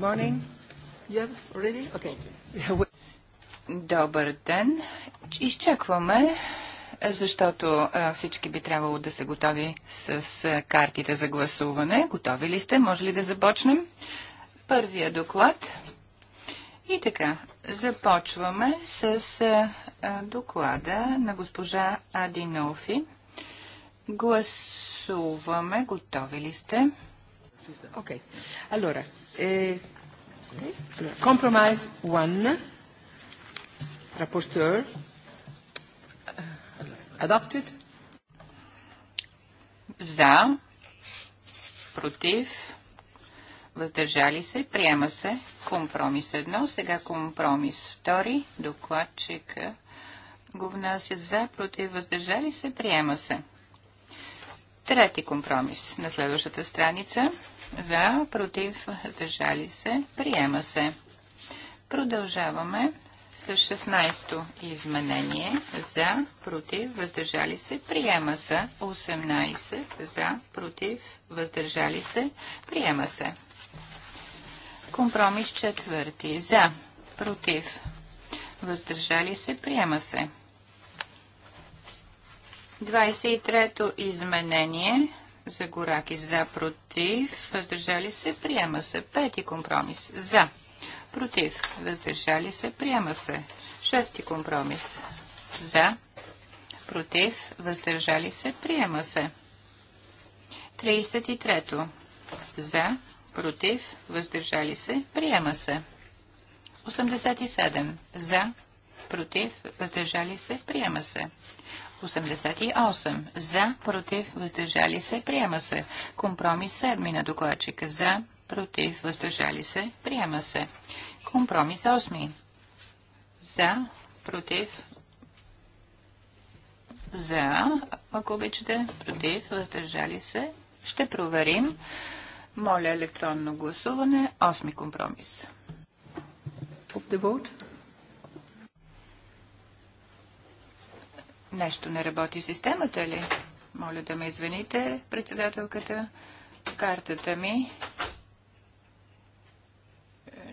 Morning. You ready? Okay. Добър ден. Изчакваме, защото всички би трябвало да са готови с картите за гласуване. Готови ли сте? Може ли да започнем? Първия доклад. И така, започваме с доклада на госпожа Адинофи. Гласуваме. Готови ли сте? Окей. Okay. Allora, eh, Allora, compromise 1, rapporteur, adopted. За, против, въздържали се, приема се компромис едно. сега компромис втори. докладчика го внася за, против, въздържали се, приема се. Трети компромис на следващата страница. За, против, въздържали се, приема се. Продължаваме с 16-то изменение. За, против, въздържали се, приема се. 18 за, против, въздържали се, приема се. Компромис четвърти. За, против, въздържали се, приема се. 23-то изменение за Гораки за против, въздържали се, приема се. Пети компромис за против, въздържали се, приема се. Шести компромис за против, въздържали се, приема се. 33. За, против, въздържали се, приема се. 87. За, против, въздържали се, приема се. 88. За, против, въздържали се, приема се. Компромис 7 на докладчика. За, против, въздържали се, приема се. Компромис 8. За, против, за, ако обичате, против, въздържали се. Ще проверим. Моля електронно гласуване. Осми компромис. Pop the vote. Нещо не работи системата ли? Моля да ме извините, председателката. Картата ми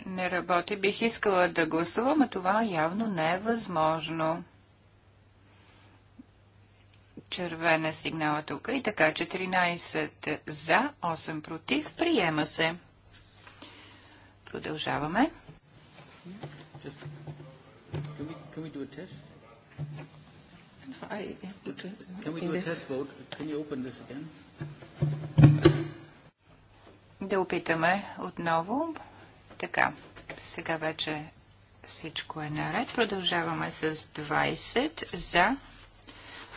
не работи. Бих искала да гласувам, а това явно не е възможно. Червена сигнала тук. И така, 14 за, 8 против. Приема се. Продължаваме. can we, can we I have to Can we do a test vote? Can you open this again? Да опитаме отново. Така, сега вече всичко е наред. Продължаваме с 20 за,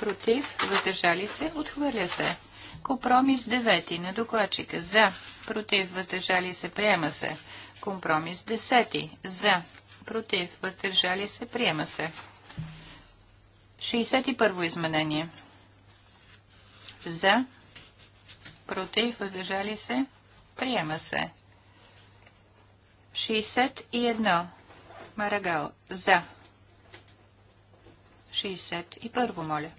против, въздържали се, отхвърля се. Компромис 9 на докладчика за, против, въздържали се, приема се. Компромис 10 за, против, въздържали се, приема се. 61-во изменение. За, против, въздържали се, приема се. 61. Марагал. За. 61, моля.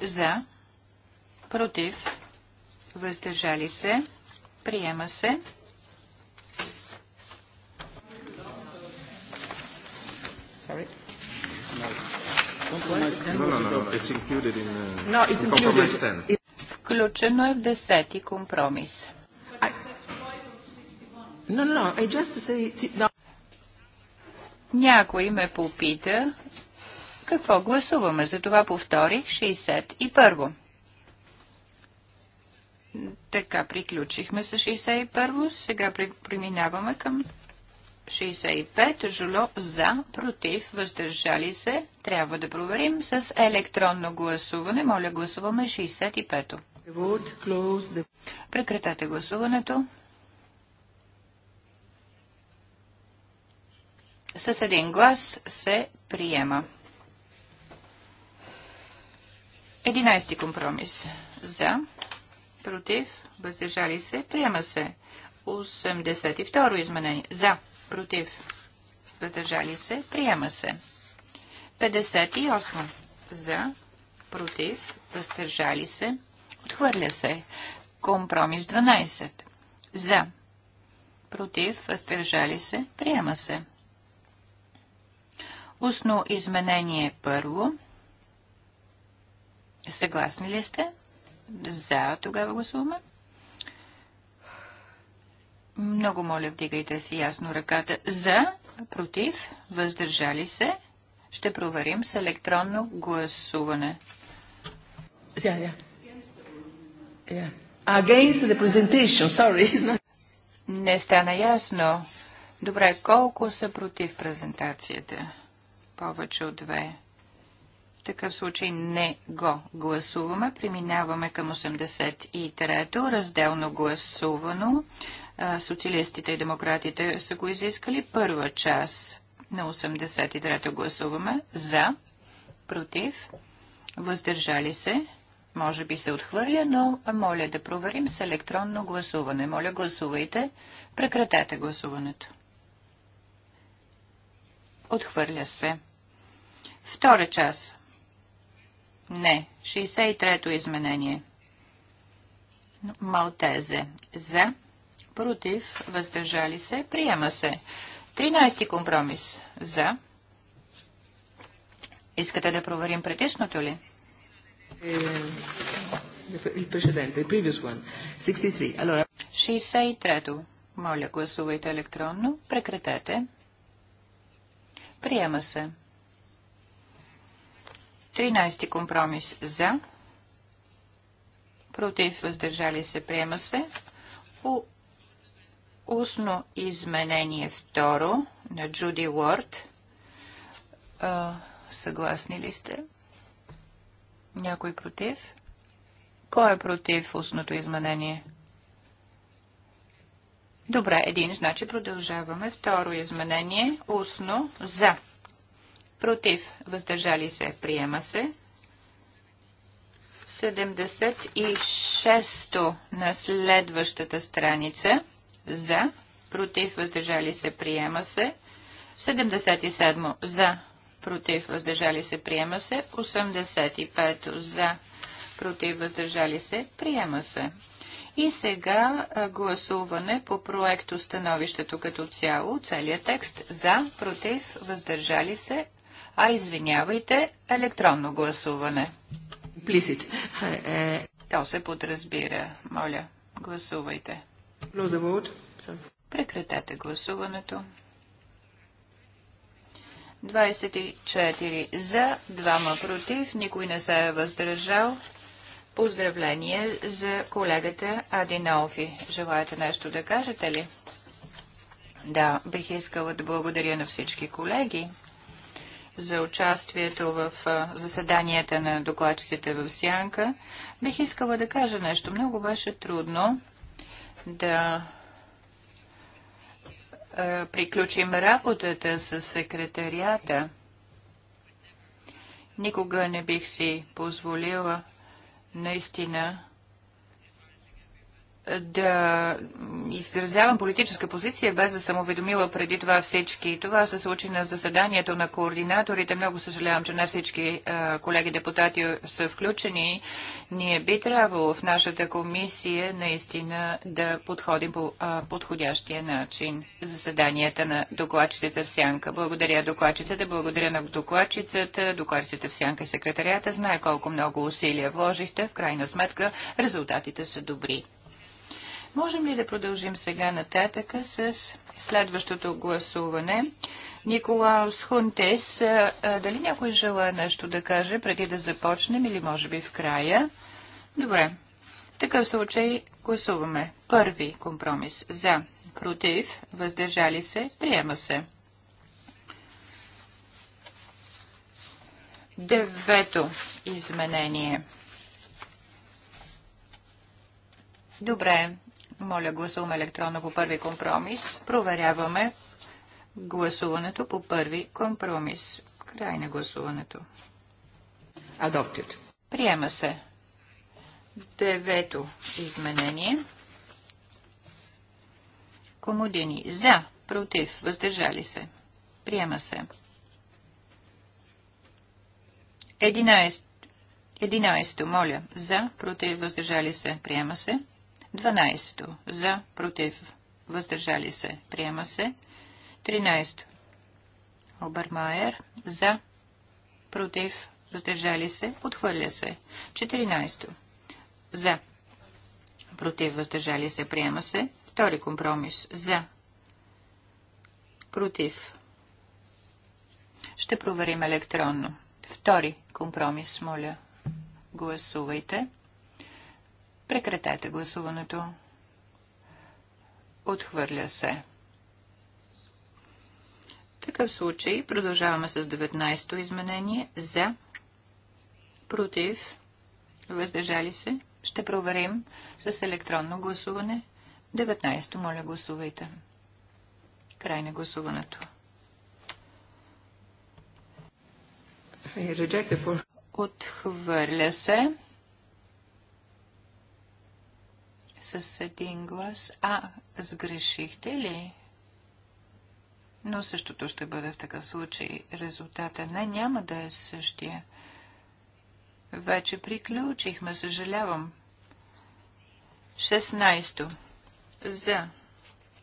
За. Против. Въздържали се. Приема се. Sorry. No, It's included in, uh, no, it's in compromise 10. Включено е в 10-ти компромис. I... No, no, I just say... No. Някой ме попита какво гласуваме, За това повторих 61-во. Така приключихме с 61-во, сега преминаваме към 65 жуло за, против, въздържали се. Трябва да проверим с електронно гласуване. Моля, гласуваме 65-то. Прекратете гласуването. С един глас се приема. 11 компромис. За, против, въздържали се, приема се. 82 изменение. За против, въздържали се, приема се. 58 за, против, въздържали се, отхвърля се. Компромис 12 за, против, въздържали се, приема се. Устно изменение първо. Съгласни ли сте? За тогава гласуваме. Много моля, вдигайте си ясно ръката за, против, въздържали се. Ще проверим с електронно гласуване. Yeah, yeah. Yeah. Не стана ясно. Добре, колко са против презентацията? Повече от две. В такъв случай не го гласуваме. Преминаваме към 83-то, разделно гласувано социалистите и демократите са го изискали. Първа част на 83-та гласуваме за, против, въздържали се. Може би се отхвърля, но моля да проверим с електронно гласуване. Моля, гласувайте. Прекратете гласуването. Отхвърля се. Втора част. Не. 63-то изменение. Малтезе. За против, въздържали се, приема се. 13 компромис за. Искате да проверим предишното ли? Е, Шестдесет и трето. 63. Моля, гласувайте електронно. Прекратете. Приема се. 13 компромис за. Против въздържали се. Приема се устно изменение второ на Джуди Уорд. А, съгласни ли сте? Някой против? Кой е против устното изменение? Добре, един, значи продължаваме. Второ изменение, устно, за. Против, въздържали се, приема се. 76-то на следващата страница за, против, въздържали се, приема се. 77 за, против, въздържали се, приема се. 85 за, против, въздържали се, приема се. И сега гласуване по проекто становището като цяло, целият текст за, против, въздържали се, а извинявайте, електронно гласуване. Плисич. Е, е. То се подразбира. Моля, гласувайте. Прекратете гласуването. 24 за, 2 против, никой не се е въздържал. Поздравление за колегата Адинофи. Желаете нещо да кажете ли? Да, бих искала да благодаря на всички колеги за участието в заседанията на докладчиците в Сянка. Бих искала да кажа нещо. Много беше трудно да е, приключим работата с секретарията. Никога не бих си позволила наистина да изразявам политическа позиция, без да съм уведомила преди това всички. Това се случи на заседанието на координаторите. Много съжалявам, че не всички е, колеги депутати са включени. Ние би трябвало в нашата комисия наистина да подходим по е, подходящия начин заседанията на докладчицата в Сянка. Благодаря докладчицата, благодаря на докладчицата, докладчицата в Сянка и секретарията. Знае колко много усилия вложихте. В крайна сметка резултатите са добри. Можем ли да продължим сега нататъка с следващото гласуване? Николаус Хунтес, дали някой желая нещо да каже преди да започнем или може би в края? Добре. В такъв случай гласуваме. Първи компромис. За. Против. Въздържали се. Приема се. Девето изменение. Добре. Моля, гласуваме електронно по първи компромис. Проверяваме гласуването по първи компромис. Край на гласуването. Adopted. Приема се. Девето изменение. Комодини. За. Против. Въздържали се. Приема се. Единайсто. Единайсто. Моля. За. Против. Въздържали се. Приема се. 12. За, против, въздържали се, приема се. 13. Обермайер. За, против, въздържали се, отхвърля се. 14. За, против, въздържали се, приема се. Втори компромис. За, против. Ще проверим електронно. Втори компромис, моля. Гласувайте. Прекратете гласуването. Отхвърля се. В такъв случай продължаваме с 19-то изменение за, против, въздържали се. Ще проверим с електронно гласуване. 19-то, моля, гласувайте. Край на гласуването. Отхвърля се. с един глас. А, сгрешихте ли? Но същото ще бъде в такъв случай. Резултата не, няма да е същия. Вече приключихме, съжалявам. 16. За.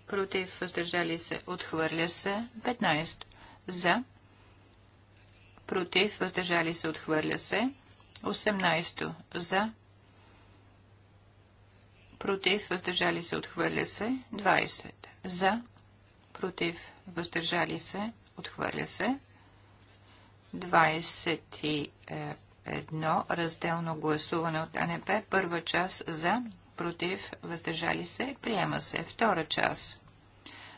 Против, въздържали се, отхвърля се. 15. За. Против, въздържали се, отхвърля се. 18. За против, въздържали се, отхвърля се. 20 за, против, въздържали се, отхвърля се. 21 разделно гласуване от АНП. Първа част за, против, въздържали се, приема се. Втора част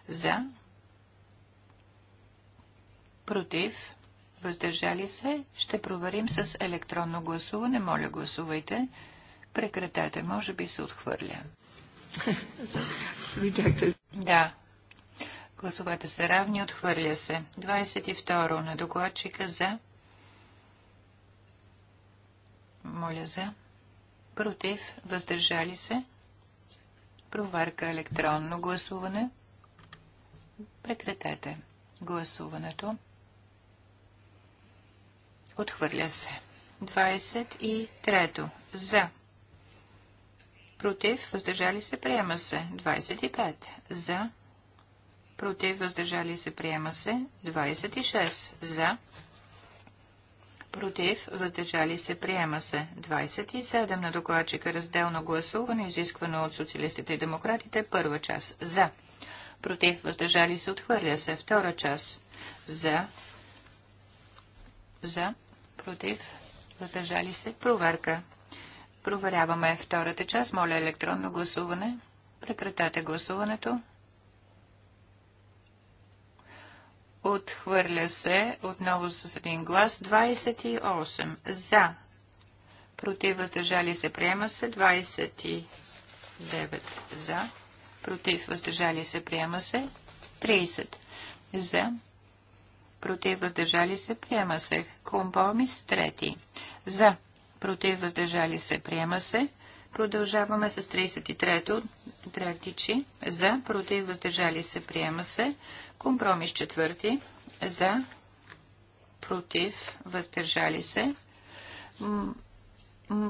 за, против, въздържали се. Ще проверим с електронно гласуване. Моля, гласувайте. Гласувайте. Прекратете, може би се отхвърля. да. Гласовете са равни, отхвърля се. 22 на докладчика за. Моля за. Против, въздържали се. Проверка електронно гласуване. Прекратете гласуването. Отхвърля се. 23. За против, въздържали се, приема се. 25 за, против, въздържали се, приема се. 26 за, против, въздържали се, приема се. 27 на докладчика разделно гласуване, изисквано от социалистите и демократите, първа част за, против, въздържали се, отхвърля се, втора част за, за, против, въздържали се, проверка. Проверяваме втората част. Моля електронно гласуване. Прекратете гласуването. Отхвърля се отново с един глас. 28 за. Против въздържали се приема се. 29 за. Против въздържали се приема се. 30 за. Против въздържали се приема се. Компромис трети. За против, въздържали се, приема се. Продължаваме с 33-то, Драгичи, за, против, въздържали се, приема се. Компромис четвърти, за, против, въздържали се.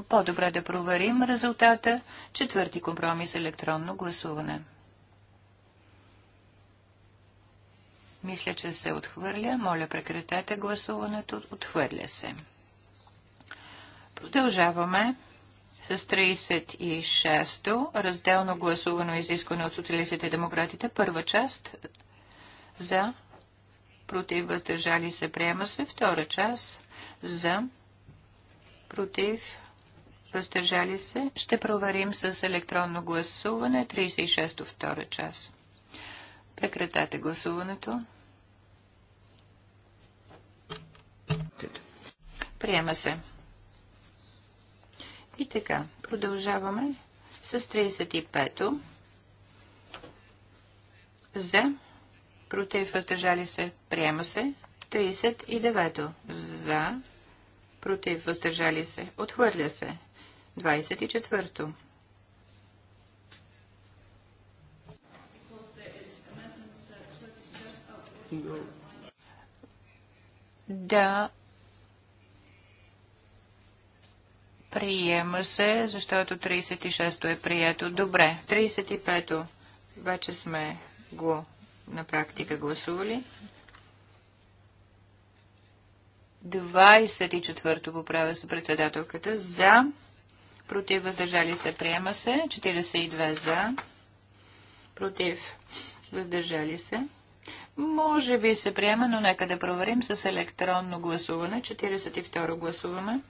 По-добре да проверим резултата. Четвърти компромис електронно гласуване. Мисля, че се отхвърля. Моля, прекратете гласуването. Отхвърля се. Продължаваме с 36-то, разделно гласувано изискване от социалистите и демократите. Първа част за, против, въздържали се, приема се. Втора част за, против, въздържали се. Ще проверим с електронно гласуване 36-то втора част. Прекратете гласуването. Приема се. И така, продължаваме с 35-то. За, против, въздържали се, приема се. 39-то. За, против, въздържали се, отхвърля се. 24-то. Да, Приема се, защото 36-то е прието. Добре, 35-то вече сме го на практика гласували. 24-то поправя се председателката. За. Против въздържали се. Приема се. 42 за. Против въздържали се. Може би се приема, но нека да проверим с електронно гласуване. 42 гласуваме.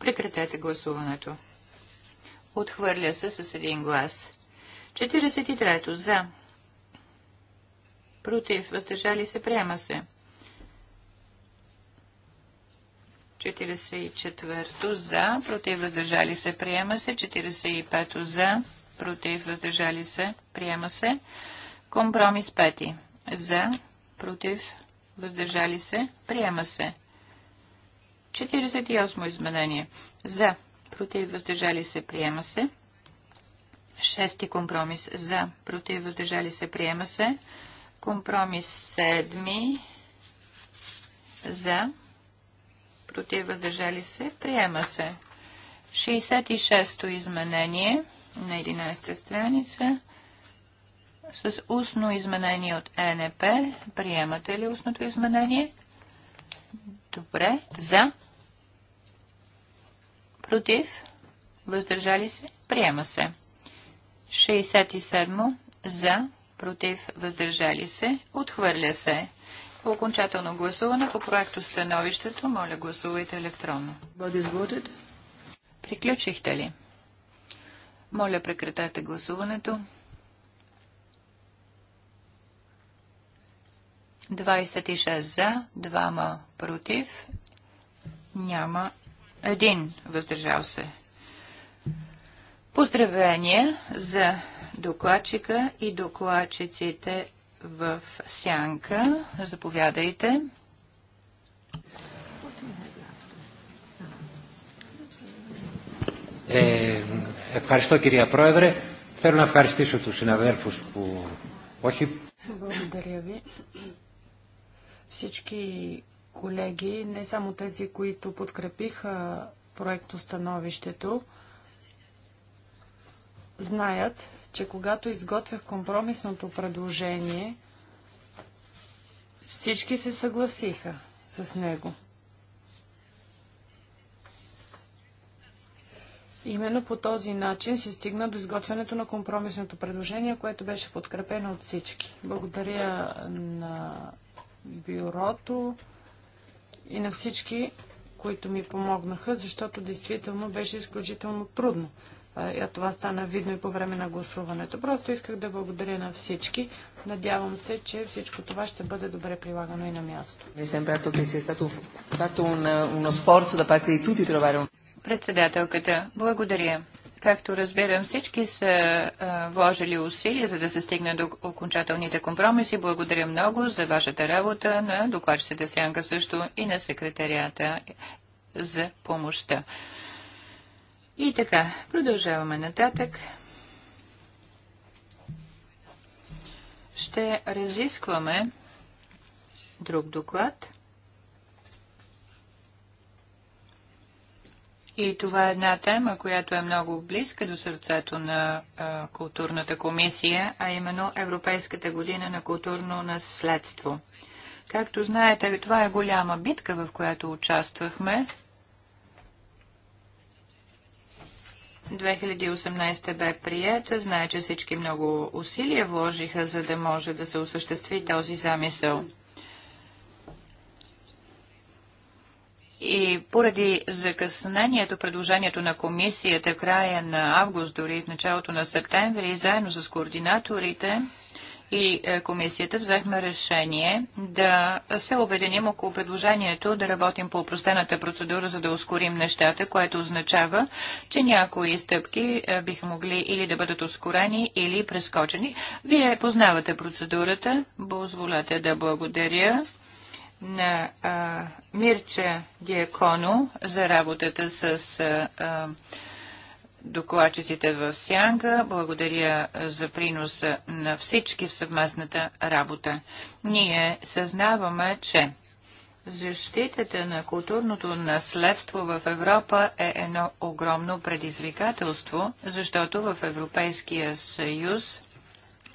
Прекратете гласуването. Отхвърля се с един глас. 43-то за. Против. Въздържали се. Приема се. 44-то за. Против. Въздържали се. Приема се. 45-то за. Против. Въздържали се. Приема се. Компромис 5. За. Против. Въздържали се. Приема се. 48 изменение. За. Против въздържали се. Приема се. Шести компромис. За. Против въздържали се. Приема се. Компромис седми. За. Против въздържали се. Приема се. 66-то изменение на 11-та страница с устно изменение от ЕНП. Приемате ли устното изменение? Добре. За. Против. Въздържали се. Приема се. 67. За. Против. Въздържали се. Отхвърля се. По окончателно гласуване по проекто становището, моля гласувайте електронно. Приключихте ли? Моля прекратете гласуването. 26 за, 2 против, няма един въздържал се. Поздравление за докладчика и докладчиците в сянка. Заповядайте. Ε, е, ευχαριστώ κυρία Πρόεδρε. Θέλω να ευχαριστήσω τους συναδέλφους που όχι... Благодаря ви всички колеги, не само тези, които подкрепиха проектостановището, знаят, че когато изготвях компромисното предложение, всички се съгласиха с него. Именно по този начин се стигна до изготвянето на компромисното предложение, което беше подкрепено от всички. Благодаря на бюрото и на всички, които ми помогнаха, защото действително беше изключително трудно. А това стана видно и по време на гласуването. Просто исках да благодаря на всички. Надявам се, че всичко това ще бъде добре прилагано и на място. Е Председателката, благодаря. Както разбирам, всички са а, вложили усилия, за да се стигне до окончателните компромиси. Благодаря много за вашата работа на докладчицата Сянка също и на секретарията за помощта. И така, продължаваме нататък. Ще разискваме друг доклад – И това е една тема, която е много близка до сърцето на а, културната комисия, а именно Европейската година на културно наследство. Както знаете, това е голяма битка, в която участвахме. 2018 бе приета. Знае, че всички много усилия вложиха, за да може да се осъществи този замисъл. И поради закъснението предложението на комисията края на август, дори в началото на септември, заедно с координаторите и е, комисията взехме решение да се обединим около предложението да работим по упростената процедура, за да ускорим нещата, което означава, че някои стъпки е, биха могли или да бъдат ускорени, или прескочени. Вие познавате процедурата. Позволете да благодаря на а, Мирча за работата с а, докладчиците в Сянга. Благодаря за приноса на всички в съвместната работа. Ние съзнаваме, че Защитата на културното наследство в Европа е едно огромно предизвикателство, защото в Европейския съюз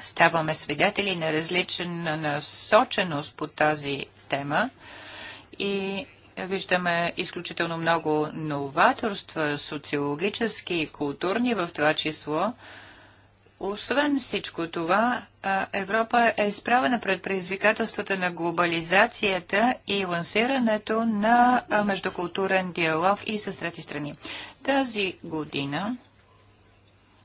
ставаме свидетели на различна насоченост по тази тема и виждаме изключително много новаторства, социологически и културни в това число. Освен всичко това, Европа е изправена пред предизвикателствата на глобализацията и лансирането на междукултурен диалог и с трети страни. Тази година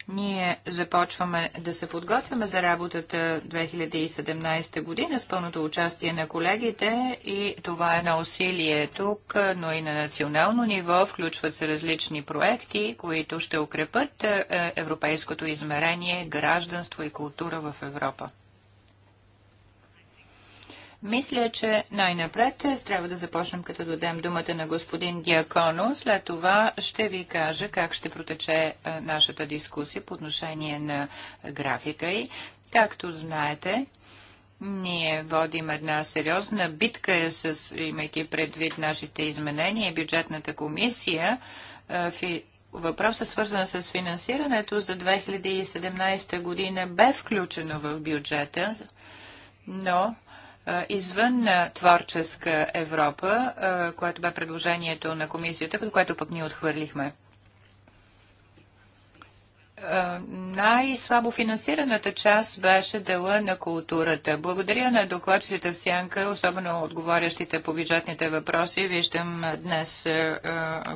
ние започваме да се подготвяме за работата 2017 година с пълното участие на колегите и това е на усилие тук, но и на национално ниво. Включват се различни проекти, които ще укрепат е, европейското измерение, гражданство и култура в Европа. Мисля, че най-напред трябва да започнем като дадем думата на господин Диакону. След това ще ви кажа как ще протече е, нашата дискусия по отношение на графика и както знаете, ние водим една сериозна битка, с, имайки предвид нашите изменения. Бюджетната комисия е, въпросът е свързан с финансирането за 2017 година бе включено в бюджета, но извън творческа Европа, което бе предложението на комисията, което пък ние отхвърлихме. Е, най-слабо финансираната част беше дела на културата. Благодаря на докладчиците в Сянка, особено отговарящите по бюджетните въпроси. Виждам днес е, е,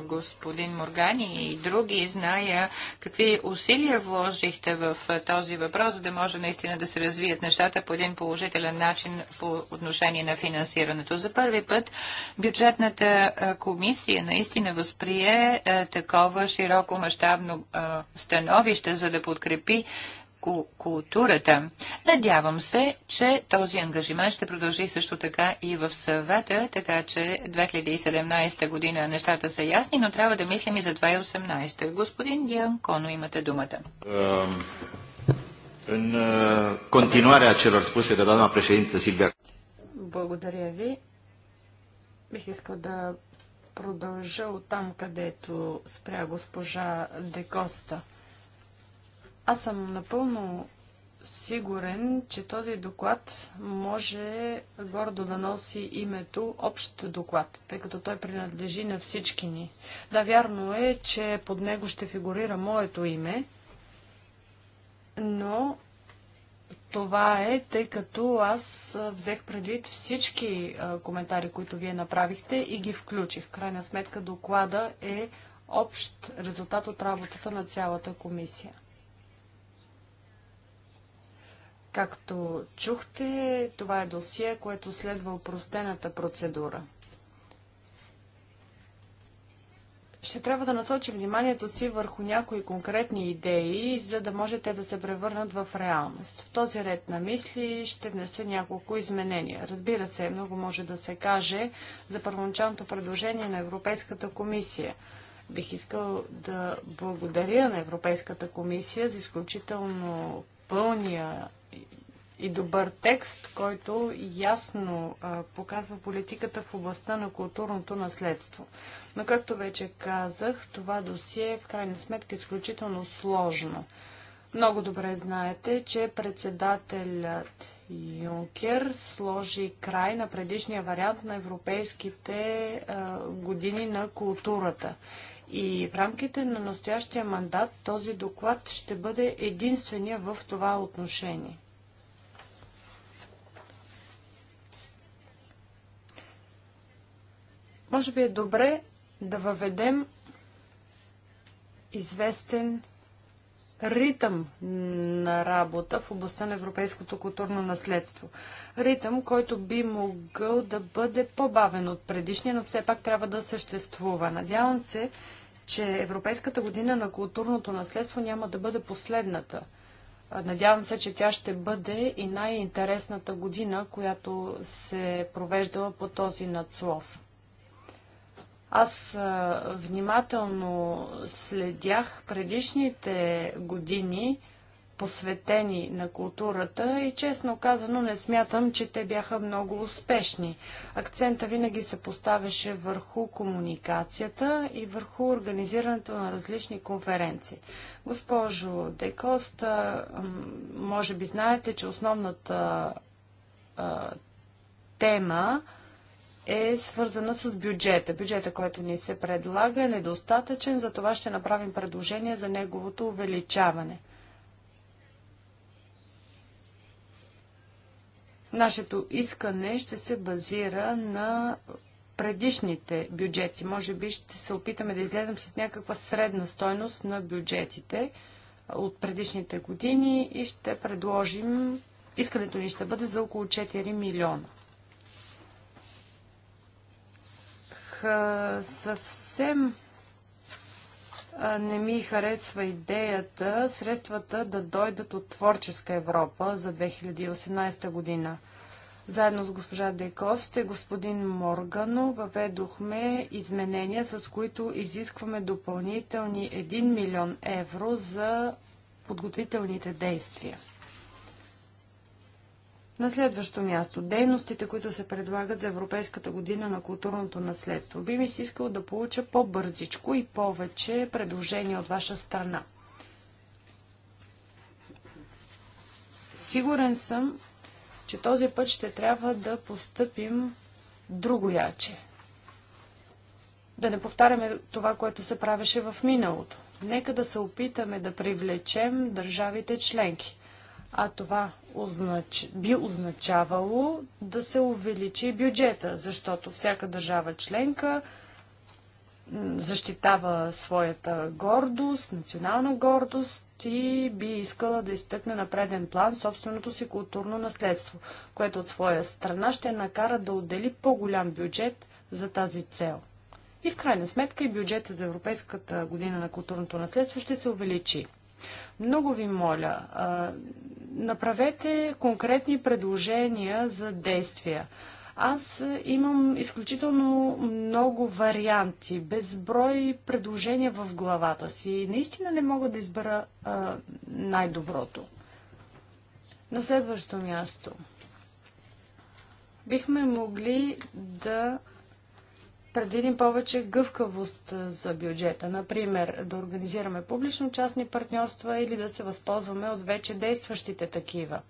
господин Моргани и други. Зная какви усилия вложихте в този въпрос, за да може наистина да се развият нещата по един положителен начин по отношение на финансирането. За първи път бюджетната комисия наистина възприе такова широко мащабно становище училище, за да подкрепи културата. Надявам се, че този ангажимент ще продължи също така и в съвета, така че 2017 година нещата са ясни, но трябва да мислим и за 2018. Господин Коно, имате думата. În continuarea celor spuse de doamna președintă Silvia. Благодаря ви. Бих искал да продължа от там, където спря госпожа Декоста. Аз съм напълно сигурен, че този доклад може гордо да носи името общ доклад, тъй като той принадлежи на всички ни. Да, вярно е, че под него ще фигурира моето име, но това е, тъй като аз взех предвид всички коментари, които вие направихте и ги включих. крайна сметка доклада е общ резултат от работата на цялата комисия. Както чухте, това е досие, което следва упростената процедура. Ще трябва да насочи вниманието си върху някои конкретни идеи, за да можете да се превърнат в реалност. В този ред на мисли ще внеса няколко изменения. Разбира се, много може да се каже за първоначалното предложение на Европейската комисия. Бих искал да благодаря на Европейската комисия за изключително пълния и добър текст, който ясно а, показва политиката в областта на културното наследство. Но както вече казах, това досие е в крайна сметка е изключително сложно. Много добре знаете, че председателят Юнкер сложи край на предишния вариант на европейските а, години на културата. И в рамките на настоящия мандат този доклад ще бъде единствения в това отношение. Може би е добре да въведем известен ритъм на работа в областта на европейското културно наследство. Ритъм, който би могъл да бъде по-бавен от предишния, но все пак трябва да съществува. Надявам се, че Европейската година на културното наследство няма да бъде последната. Надявам се, че тя ще бъде и най-интересната година, която се е провеждала по този надслов. Аз а, внимателно следях предишните години, посветени на културата и честно казано не смятам, че те бяха много успешни. Акцента винаги се поставяше върху комуникацията и върху организирането на различни конференции. Госпожо Декоста, може би знаете, че основната а, тема е свързана с бюджета. Бюджета, който ни се предлага, е недостатъчен, за това ще направим предложение за неговото увеличаване. Нашето искане ще се базира на предишните бюджети. Може би ще се опитаме да изгледам с някаква средна стойност на бюджетите от предишните години и ще предложим, искането ни ще бъде за около 4 милиона. съвсем не ми харесва идеята средствата да дойдат от Творческа Европа за 2018 година. Заедно с госпожа Декос и господин Моргано въведохме изменения, с които изискваме допълнителни 1 милион евро за подготвителните действия. На следващо място, дейностите, които се предлагат за Европейската година на културното наследство. Би ми се искал да получа по-бързичко и повече предложения от ваша страна. Сигурен съм, че този път ще трябва да постъпим другояче. Да не повтаряме това, което се правеше в миналото. Нека да се опитаме да привлечем държавите членки – а това означ... би означавало да се увеличи бюджета, защото всяка държава членка защитава своята гордост, национална гордост и би искала да изтъкне на преден план собственото си културно наследство, което от своя страна ще накара да отдели по-голям бюджет за тази цел. И в крайна сметка и бюджета за Европейската година на културното наследство ще се увеличи. Много ви моля, направете конкретни предложения за действия. Аз имам изключително много варианти, безброй предложения в главата си и наистина не мога да избера най-доброто. На следващо място. Бихме могли да предвидим повече гъвкавост за бюджета. Например, да организираме публично-частни партньорства или да се възползваме от вече действащите такива.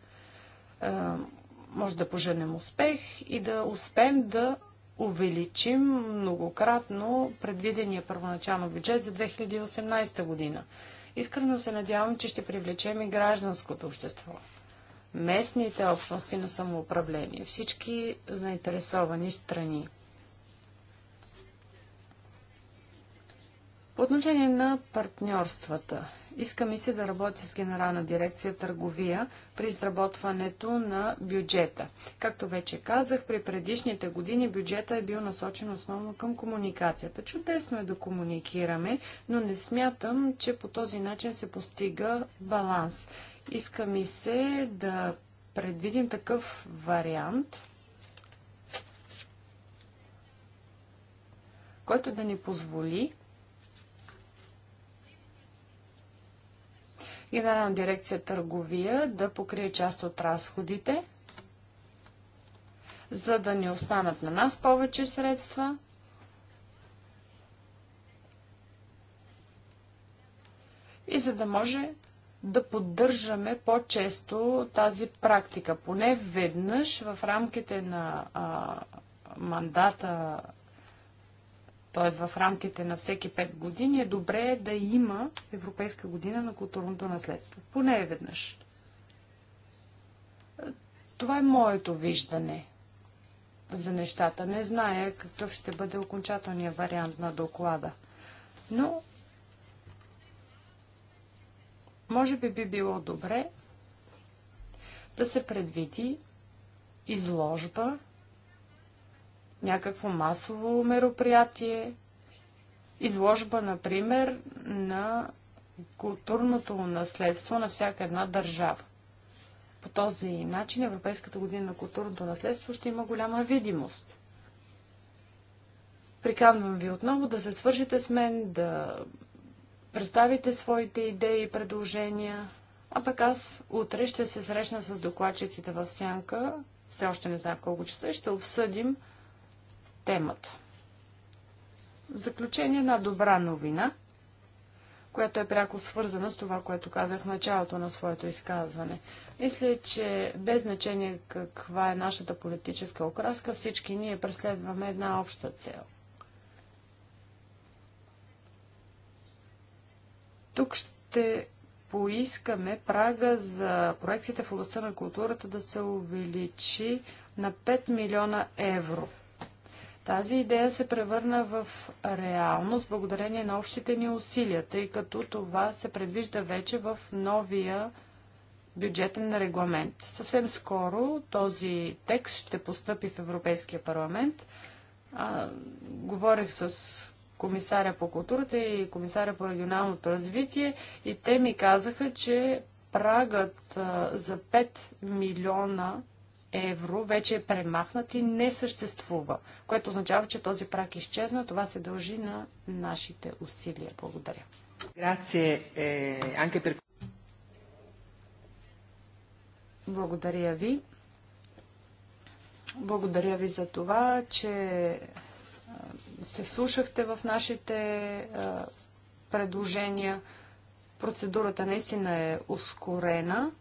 може да поженем успех и да успеем да увеличим многократно предвидения първоначално бюджет за 2018 година. Искрено се надявам, че ще привлечем и гражданското общество, местните общности на самоуправление, всички заинтересовани страни. По отношение на партньорствата, иска ми се да работи с Генерална дирекция търговия при изработването на бюджета. Както вече казах, при предишните години бюджета е бил насочен основно към комуникацията. Чудесно е да комуникираме, но не смятам, че по този начин се постига баланс. Иска ми се да предвидим такъв вариант, който да ни позволи И на дирекция търговия да покрие част от разходите, за да ни останат на нас повече средства. И за да може да поддържаме по-често тази практика. Поне веднъж в рамките на а, мандата т.е. в рамките на всеки 5 години, е добре да има Европейска година на културното наследство. Поне е веднъж. Това е моето виждане за нещата. Не зная какъв ще бъде окончателният вариант на доклада. Но, може би би било добре да се предвиди изложба някакво масово мероприятие, изложба, например, на културното наследство на всяка една държава. По този начин Европейската година на културното наследство ще има голяма видимост. Приканвам ви отново да се свържете с мен, да представите своите идеи и предложения. А пък аз утре ще се срещна с докладчиците в Сянка, все още не знам колко часа, и ще обсъдим темата. В заключение на добра новина, която е пряко свързана с това, което казах в началото на своето изказване. Мисля, че без значение каква е нашата политическа окраска, всички ние преследваме една обща цел. Тук ще поискаме прага за проектите в областта на културата да се увеличи на 5 милиона евро. Тази идея се превърна в реалност благодарение на общите ни усилия, тъй като това се предвижда вече в новия бюджетен регламент. Съвсем скоро този текст ще постъпи в Европейския парламент. А, говорих с комисаря по културата и комисаря по регионалното развитие и те ми казаха, че прагът а, за 5 милиона евро вече е премахнат и не съществува, което означава, че този прак изчезна. Това се дължи на нашите усилия. Благодаря. Е, Благодаря ви. Благодаря ви за това, че е, се слушахте в нашите е, предложения. Процедурата наистина е ускорена.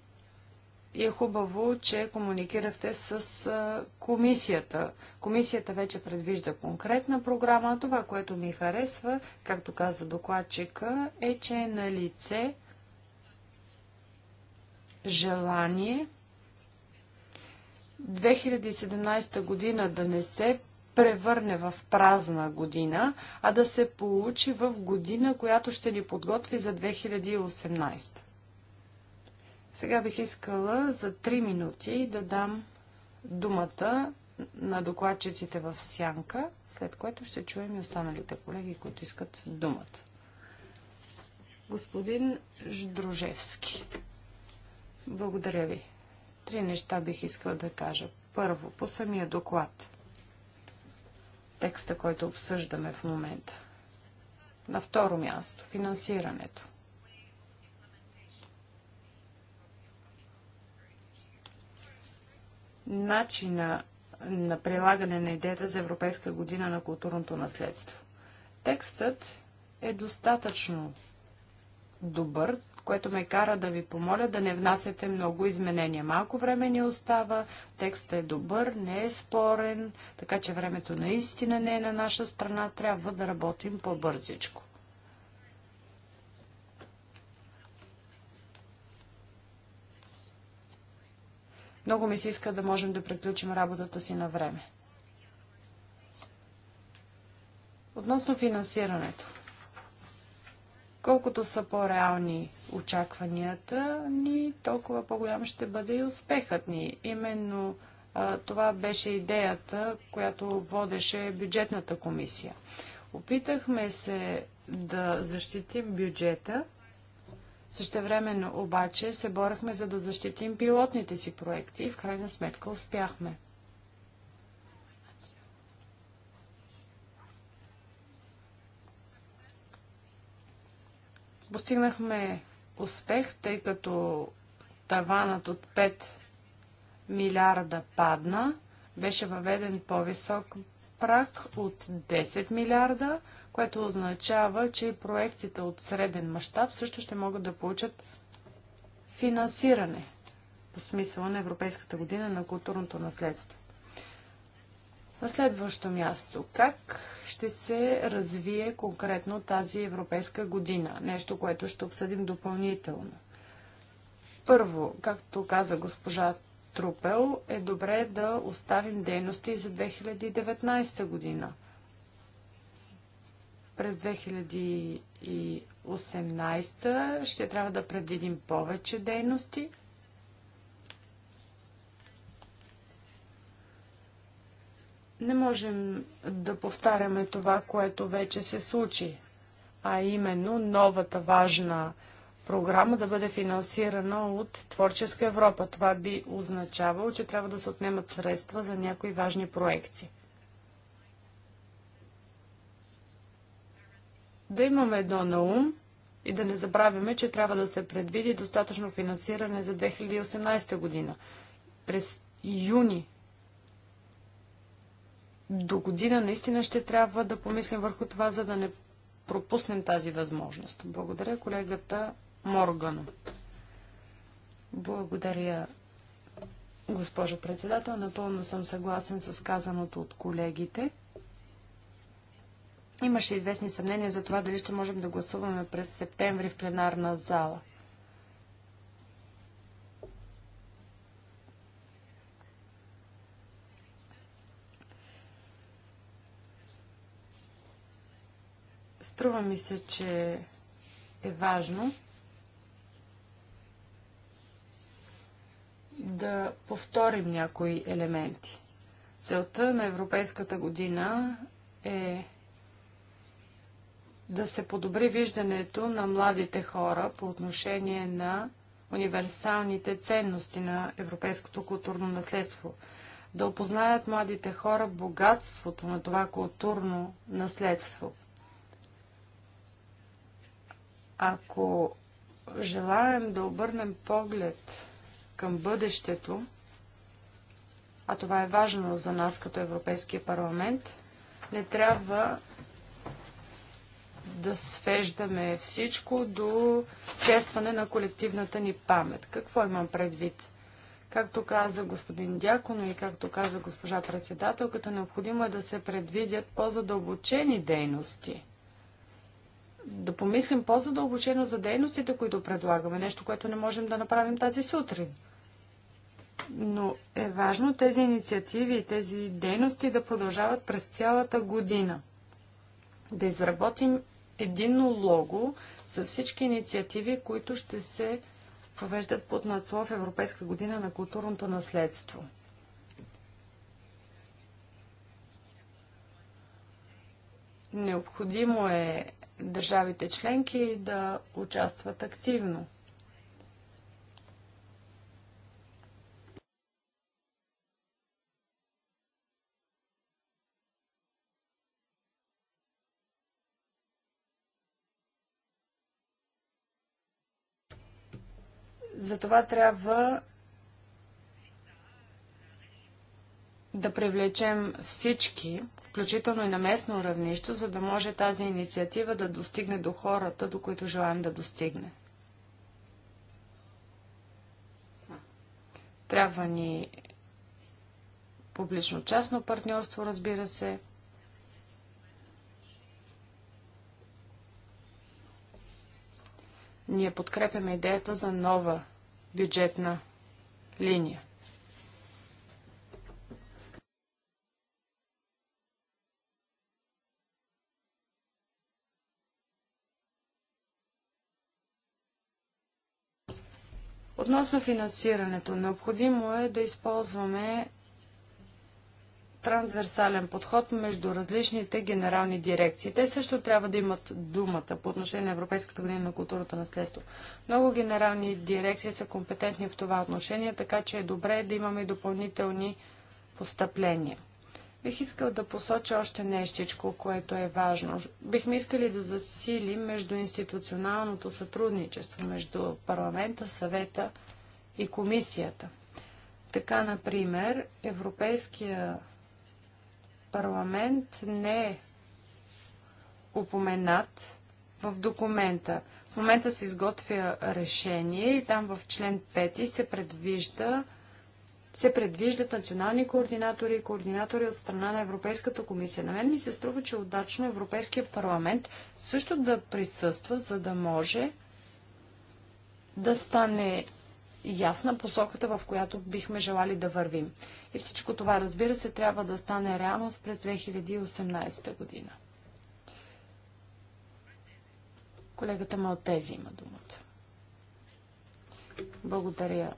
И е хубаво, че комуникирахте с комисията. Комисията вече предвижда конкретна програма. Това, което ми харесва, както каза докладчика, е, че е на лице желание 2017 година да не се превърне в празна година, а да се получи в година, която ще ни подготви за 2018. Сега бих искала за 3 минути да дам думата на докладчиците в сянка, след което ще чуем и останалите колеги, които искат думата. Господин Ждружевски, благодаря ви. Три неща бих искала да кажа. Първо, по самия доклад. Текста, който обсъждаме в момента. На второ място, финансирането. начина на прилагане на идеята за Европейска година на културното наследство. Текстът е достатъчно добър, което ме кара да ви помоля да не внасяте много изменения. Малко време ни остава, текстът е добър, не е спорен, така че времето наистина не е на наша страна, трябва да работим по-бързичко. Много ми се иска да можем да приключим работата си на време. Относно финансирането. Колкото са по-реални очакванията ни, толкова по-голям ще бъде и успехът ни. Именно а, това беше идеята, която водеше бюджетната комисия. Опитахме се да защитим бюджета, Същевременно обаче се борехме за да защитим пилотните си проекти и в крайна сметка успяхме. Постигнахме успех, тъй като таванът от 5 милиарда падна, беше въведен по-висок прак от 10 милиарда, което означава, че и проектите от среден мащаб също ще могат да получат финансиране по смисъла на Европейската година на културното наследство. На следващо място, как ще се развие конкретно тази Европейска година? Нещо, което ще обсъдим допълнително. Първо, както каза госпожа Трупел, е добре да оставим дейности за 2019 година – през 2018 ще трябва да предвидим повече дейности. Не можем да повтаряме това, което вече се случи, а именно новата важна програма да бъде финансирана от Творческа Европа. Това би означавало, че трябва да се отнемат средства за някои важни проекти. да имаме едно на ум и да не забравяме, че трябва да се предвиди достатъчно финансиране за 2018 година. През юни до година наистина ще трябва да помислим върху това, за да не пропуснем тази възможност. Благодаря колегата Морган. Благодаря, госпожо председател. Напълно съм съгласен с казаното от колегите. Имаше известни съмнения за това дали ще можем да гласуваме през септември в пленарна зала. Струва ми се, че е важно да повторим някои елементи. Целта на Европейската година е да се подобри виждането на младите хора по отношение на универсалните ценности на европейското културно наследство. Да опознаят младите хора богатството на това културно наследство. Ако желаем да обърнем поглед към бъдещето, а това е важно за нас като Европейския парламент, не трябва да свеждаме всичко до честване на колективната ни памет. Какво имам предвид? Както каза господин Дяконо и както каза госпожа председателката, необходимо е да се предвидят по-задълбочени дейности. Да помислим по-задълбочено за дейностите, които предлагаме. Нещо, което не можем да направим тази сутрин. Но е важно тези инициативи и тези дейности да продължават през цялата година. Да изработим единно лого за всички инициативи, които ще се провеждат под надслов Европейска година на културното наследство. Необходимо е държавите членки да участват активно. Затова трябва да привлечем всички, включително и на местно равнище, за да може тази инициатива да достигне до хората, до които желаем да достигне. Трябва ни публично-частно партньорство, разбира се. Ние подкрепяме идеята за нова бюджетна линия. Относно финансирането, необходимо е да използваме трансверсален подход между различните генерални дирекции. Те също трябва да имат думата по отношение на Европейската година на културното наследство. Много генерални дирекции са компетентни в това отношение, така че е добре да имаме и допълнителни постъпления. Бих искал да посоча още нещичко, което е важно. Бихме искали да засилим между институционалното сътрудничество между парламента, съвета и комисията. Така, например, Европейския парламент не е упоменат в документа. В момента се изготвя решение и там в член 5 се предвижда се предвиждат национални координатори и координатори от страна на Европейската комисия. На мен ми се струва, че е удачно Европейския парламент също да присъства, за да може да стане ясна посоката, в която бихме желали да вървим. И всичко това, разбира се, трябва да стане реалност през 2018 година. Колегата Малтези има думата. Благодаря,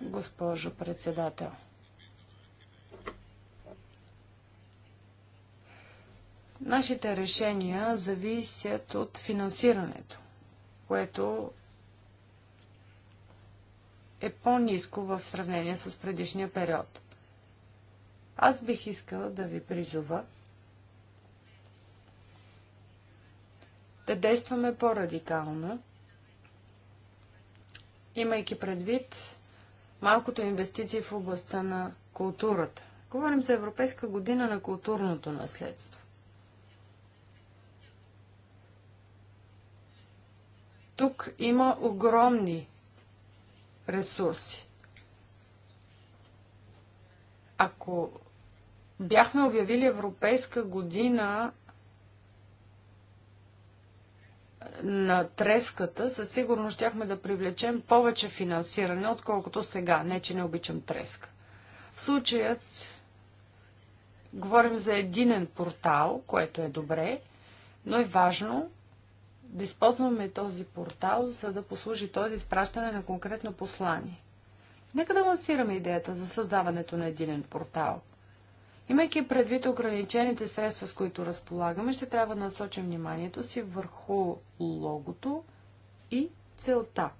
госпожо председател. Нашите решения зависят от финансирането, което е по-низко в сравнение с предишния период. Аз бих искала да ви призова да действаме по-радикално, имайки предвид малкото инвестиции в областта на културата. Говорим за Европейска година на културното наследство. Тук има огромни ресурси. Ако бяхме обявили Европейска година на треската, със сигурност щяхме да привлечем повече финансиране, отколкото сега. Не, че не обичам треска. В случаят говорим за единен портал, което е добре, но е важно да използваме този портал, за да послужи той за изпращане на конкретно послание. Нека да лансираме идеята за създаването на единен портал. Имайки предвид ограничените средства, с които разполагаме, ще трябва да насочим вниманието си върху логото и целта.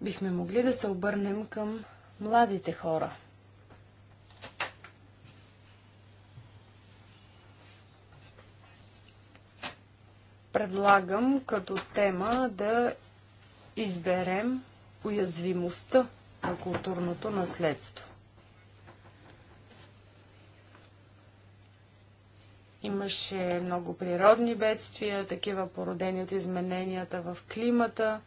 Бихме могли да се обърнем към младите хора – Предлагам като тема да изберем уязвимостта на културното наследство. Имаше много природни бедствия, такива породени от измененията в климата.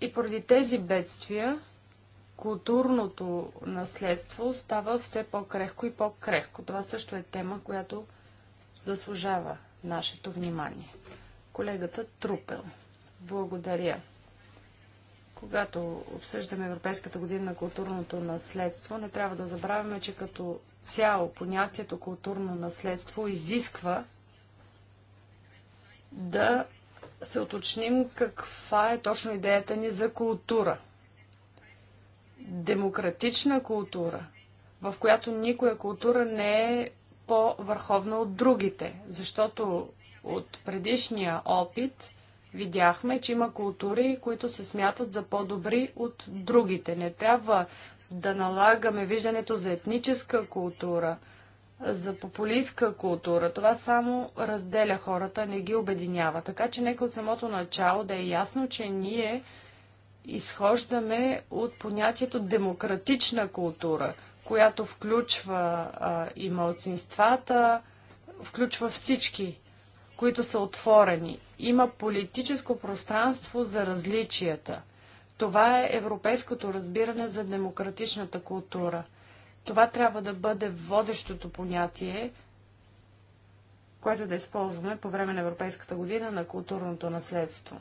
И поради тези бедствия културното наследство става все по-крехко и по-крехко. Това също е тема, която заслужава нашето внимание. Колегата Трупел. Благодаря. Когато обсъждаме Европейската година на културното наследство, не трябва да забравяме, че като цяло понятието културно наследство изисква да се уточним каква е точно идеята ни за култура. Демократична култура, в която никоя култура не е по-върховна от другите, защото от предишния опит видяхме, че има култури, които се смятат за по-добри от другите. Не трябва да налагаме виждането за етническа култура, за популистска култура. Това само разделя хората, не ги обединява. Така че нека от самото начало да е ясно, че ние изхождаме от понятието демократична култура – която включва а, и мълцинствата, включва всички, които са отворени. Има политическо пространство за различията. Това е европейското разбиране за демократичната култура. Това трябва да бъде водещото понятие, което да използваме по време на Европейската година на културното наследство.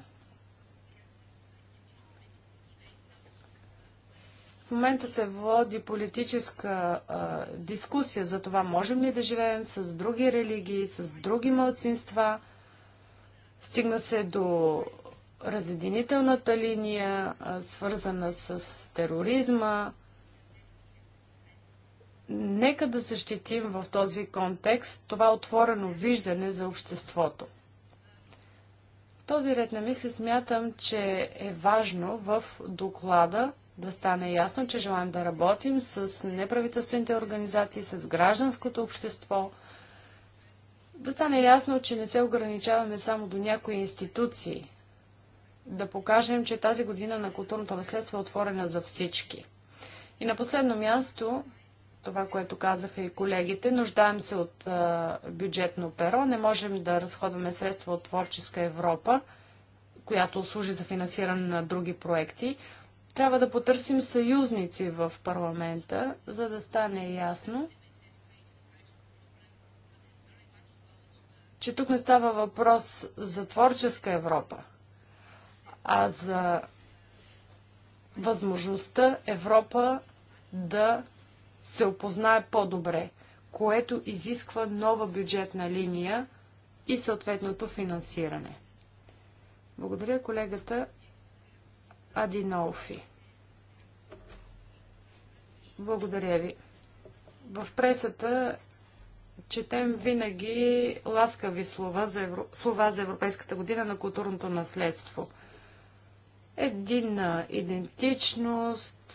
В момента се води политическа а, дискусия за това, можем ли да живеем с други религии, с други младсинства. Стигна се до разединителната линия, а, свързана с тероризма. Нека да защитим в този контекст това отворено виждане за обществото В този ред на мисли смятам, че е важно в доклада да стане ясно, че желаем да работим с неправителствените организации, с гражданското общество, да стане ясно, че не се ограничаваме само до някои институции, да покажем, че тази година на културното наследство е отворена за всички. И на последно място, това, което казаха и колегите, нуждаем се от а, бюджетно перо, не можем да разходваме средства от Творческа Европа, която служи за финансиране на други проекти. Трябва да потърсим съюзници в парламента, за да стане ясно, че тук не става въпрос за творческа Европа, а за възможността Европа да се опознае по-добре, което изисква нова бюджетна линия и съответното финансиране. Благодаря колегата Адинолфи. Благодаря ви. В пресата четем винаги ласкави слова за, Евро... слова за Европейската година на културното наследство. Единна идентичност,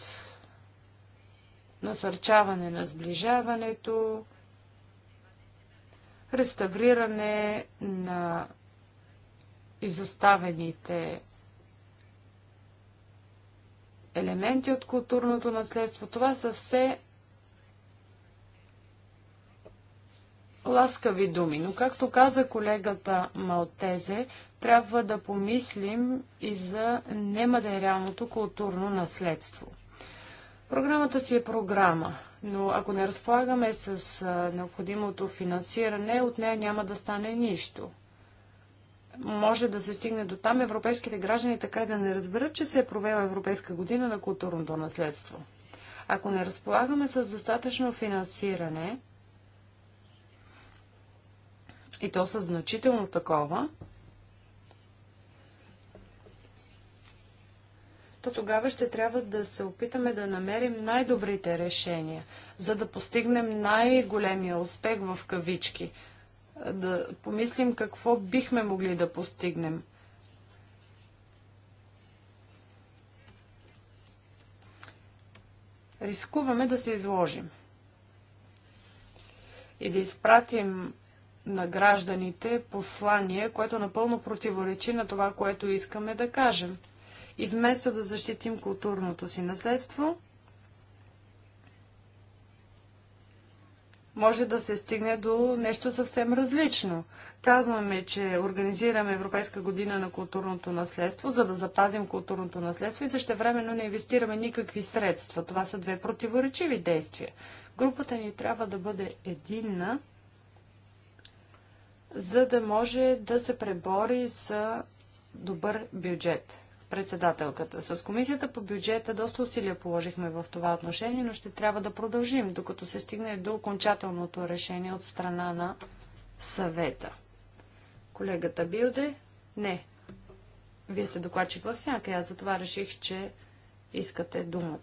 насърчаване на сближаването, реставриране на изоставените елементи от културното наследство. Това са все ласкави думи, но както каза колегата Малтезе, трябва да помислим и за нематериалното културно наследство. Програмата си е програма, но ако не разполагаме с необходимото финансиране, от нея няма да стане нищо може да се стигне до там европейските граждани така и да не разберат, че се е провела Европейска година на културното наследство. Ако не разполагаме с достатъчно финансиране, и то са значително такова, то тогава ще трябва да се опитаме да намерим най-добрите решения, за да постигнем най-големия успех в кавички – да помислим какво бихме могли да постигнем. Рискуваме да се изложим и да изпратим на гражданите послание, което напълно противоречи на това, което искаме да кажем. И вместо да защитим културното си наследство, може да се стигне до нещо съвсем различно. Казваме, че организираме Европейска година на културното наследство, за да запазим културното наследство и също времено не инвестираме никакви средства. Това са две противоречиви действия. Групата ни трябва да бъде единна, за да може да се пребори за добър бюджет председателката. С комисията по бюджета доста усилия положихме в това отношение, но ще трябва да продължим, докато се стигне до окончателното решение от страна на съвета. Колегата Билде? Не. Вие сте докладчик в всяка. Аз затова реших, че искате думата.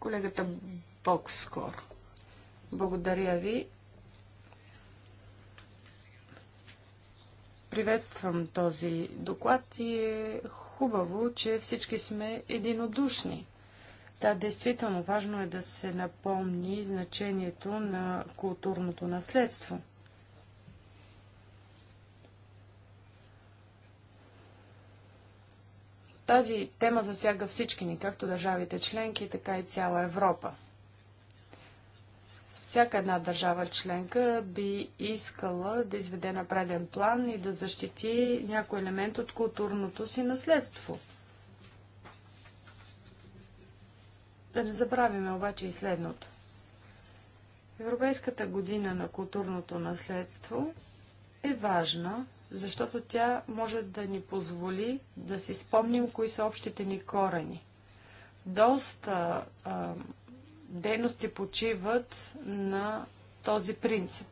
Колегата Бокскор. скоро. Благодаря ви. Приветствам този доклад и е хубаво, че всички сме единодушни. Да, действително важно е да се напомни значението на културното наследство. Тази тема засяга всички ни, както държавите членки, така и цяла Европа. Всяка една държава членка би искала да изведе на преден план и да защити някой елемент от културното си наследство. Да не забравяме обаче и следното. Европейската година на културното наследство е важна, защото тя може да ни позволи да си спомним кои са общите ни корени. Доста а, дейности почиват на този принцип.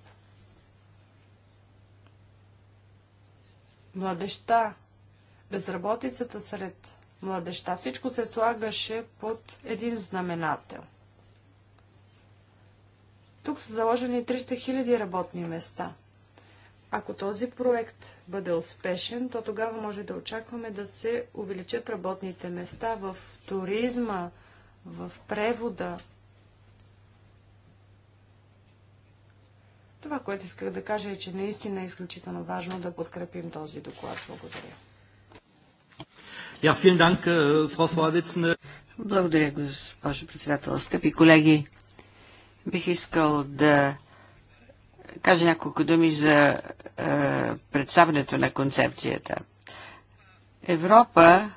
Младеща, безработицата сред младеща, всичко се слагаше под един знаменател. Тук са заложени 300 000 работни места. Ако този проект бъде успешен, то тогава може да очакваме да се увеличат работните места в туризма, в превода, Това, което исках да кажа е, че наистина е изключително важно да подкрепим този доклад. Благодаря. Äh, Благодаря, госпожо председател. Скъпи колеги, бих искал да кажа няколко думи за е, представенето на концепцията. Европа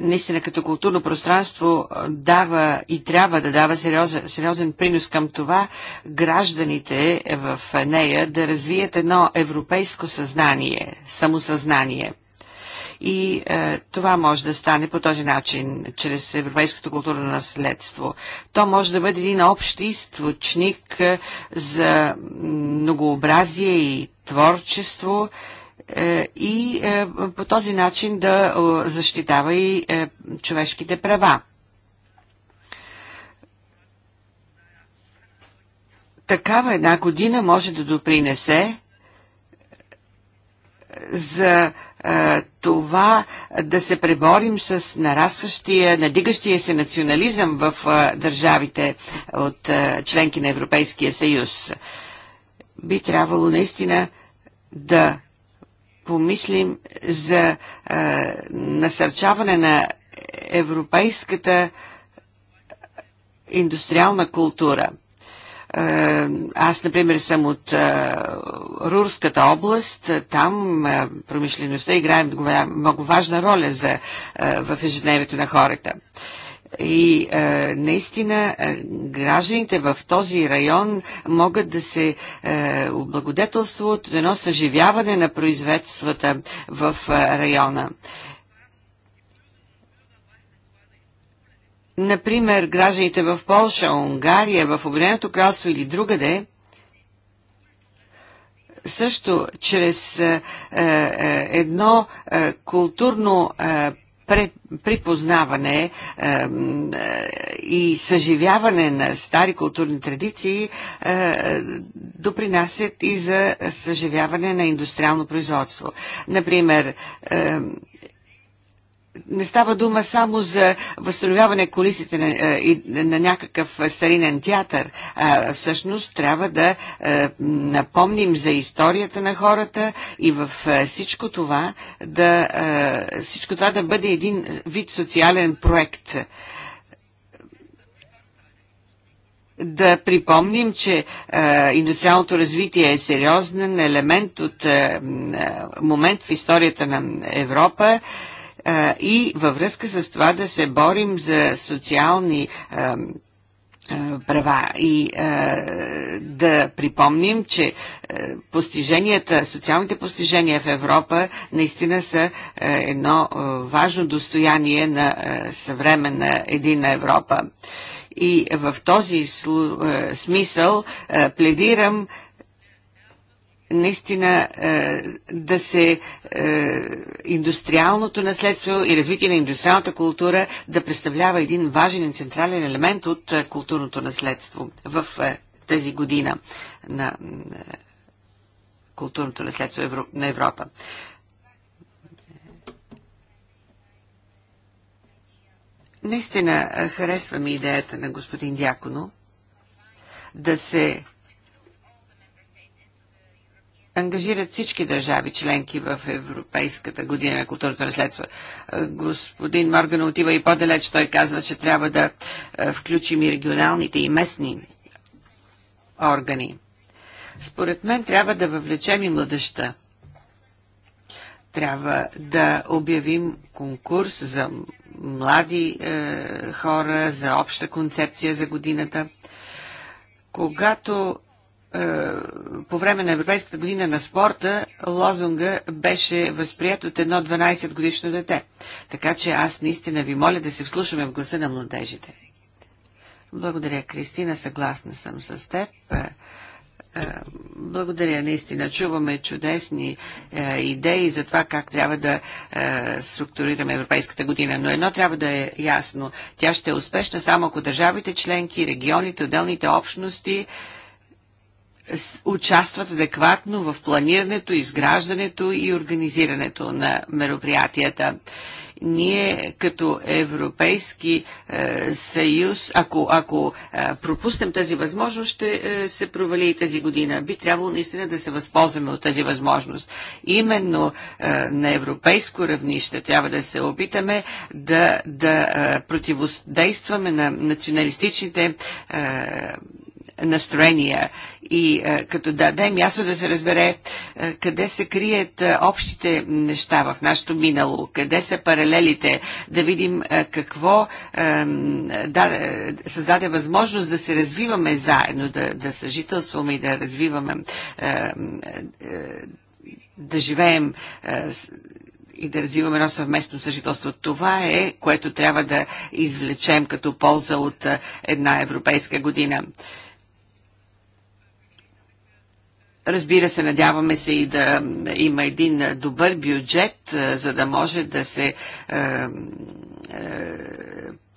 наистина като културно пространство дава и трябва да дава сериозен, сериозен принос към това гражданите в нея да развият едно европейско съзнание, самосъзнание. И е, това може да стане по този начин, чрез европейското културно наследство. То може да бъде един общ източник за многообразие и творчество, е, и е, по този начин да е, защитава и човешките права. Такава една година може да допринесе за това да се преборим с нарастващия, надигащия се национализъм в държавите от членки на Европейския съюз. Би трябвало наистина да помислим за а, насърчаване на европейската индустриална култура. Аз, например, съм от Рурската област. Там промишлеността играе много важна роля за, в ежедневието на хората и е, наистина е, гражданите в този район могат да се е, облагодетелстват от едно съживяване на производствата в е, района. Например, гражданите в Полша, Унгария, в Обединеното кралство или другаде, също чрез е, е, едно е, културно е, припознаване е, е, и съживяване на стари културни традиции е, е допринасят и за съживяване на индустриално производство. Например, е, не става дума само за възстановяване колисите на, е, на някакъв старинен театър. А, всъщност трябва да а, е, напомним за историята на хората и в е, всичко това да, а, всичко това да бъде един вид социален проект да припомним, че а, индустриалното развитие е сериозен елемент от а, момент в историята на Европа. А, и във връзка с това да се борим за социални права и е, да припомним, че е, постиженията, социалните постижения в Европа наистина са е, едно е, важно достояние на е, съвременна едина Европа. И в този смисъл пледирам наистина е, да се е, индустриалното наследство и развитие на индустриалната култура да представлява един важен и централен елемент от е, културното наследство в тази година на културното наследство на Европа. Наистина харесвам идеята на господин Дяконо да се ангажират всички държави членки в Европейската година на културното наследство. Е, господин Морган отива и по-далеч. Той казва, че трябва да е, включим и регионалните и местни органи. Според мен трябва да въвлечем и младеща. Трябва да обявим конкурс за млади е, хора, за обща концепция за годината. Когато е, по време на Европейската година на спорта лозунга беше възприят от едно 12 годишно дете. Така че аз наистина ви моля да се вслушаме в гласа на младежите. Благодаря, Кристина. Съгласна съм с теб. Е, е, благодаря, наистина. Чуваме чудесни е, идеи за това как трябва да е, структурираме Европейската година. Но едно трябва да е ясно. Тя ще е успешна само ако държавите членки, регионите, отделните общности участват адекватно в планирането, изграждането и организирането на мероприятията. Ние като Европейски е, съюз, ако, ако е, пропуснем тази възможност, ще е, се провали и тази година. Би трябвало наистина да се възползваме от тази възможност. Именно е, на европейско равнище трябва да се опитаме да, да е, противодействаме на националистичните е, настроения и е, като даде място да се разбере е, къде се крият е, общите неща в нашето минало, къде са паралелите, да видим какво да, създаде възможност да се развиваме заедно, да, да съжителстваме и да развиваме, да живеем и да развиваме едно съвместно съжителство. Това е, което трябва да извлечем като полза от една европейска година. Разбира се, надяваме се и да има един добър бюджет, за да може да се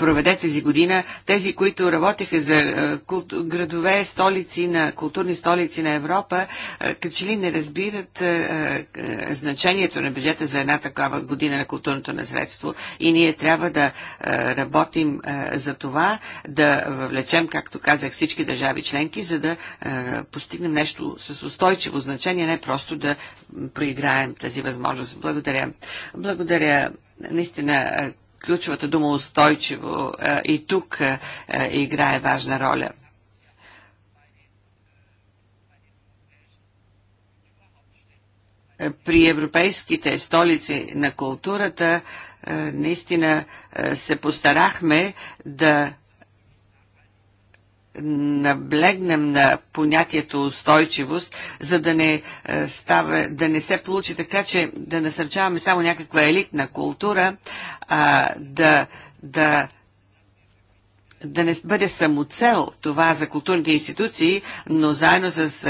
проведе тази година, тези, които работеха за е, градове, столици на културни столици на Европа, е, като че ли не разбират е, значението на бюджета за една такава година на културното наследство. И ние трябва да работим за това, да въвлечем, както казах, всички държави членки, за да постигнем нещо с устойчиво значение, не просто да проиграем тази възможност. Благодаря. Благодаря наистина ключовата дума устойчиво е, и тук е, е, играе важна роля. При европейските столици на културата наистина се постарахме да наблегнем на понятието устойчивост, за да не, е, става, да не се получи така, че да насърчаваме само някаква елитна култура, а да, да да не бъде самоцел това за културните институции, но заедно с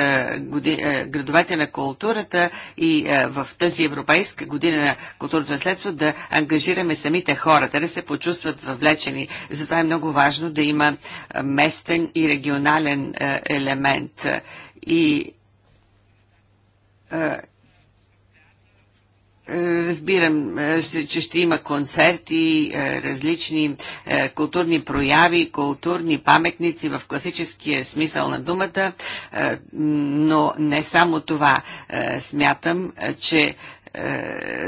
градовете на културата и в тази европейска година на културното наследство да ангажираме самите хора, да се почувстват въвлечени. Затова е много важно да има местен и регионален елемент. И Разбирам се, че ще има концерти, е, различни е, културни прояви, културни паметници в класическия смисъл на думата, е, но не само това. Смятам, че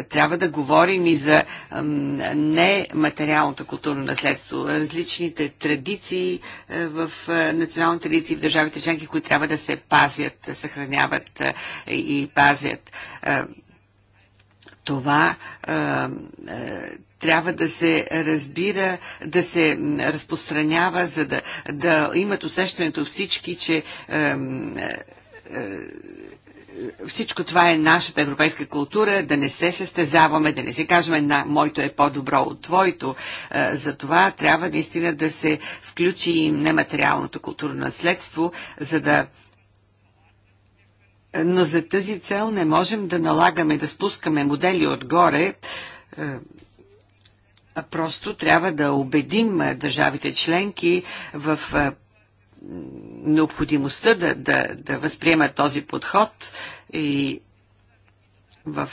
трябва да говорим и за нематериалното културно наследство, различните традиции в национални традиции в държавите членки, които трябва да се пазят, съхраняват и пазят това е, е, трябва да се разбира, да се разпространява, за да, да имат усещането всички, че е, е, всичко това е нашата европейска култура, да не се състезаваме, да не се кажем на моето е по-добро от твоето. Е, за това трябва наистина да се включи и нематериалното културно наследство, за да но за тази цел не можем да налагаме, да спускаме модели отгоре, е, а просто трябва да убедим е, държавите членки в е, необходимостта да, да, да възприемат този подход и в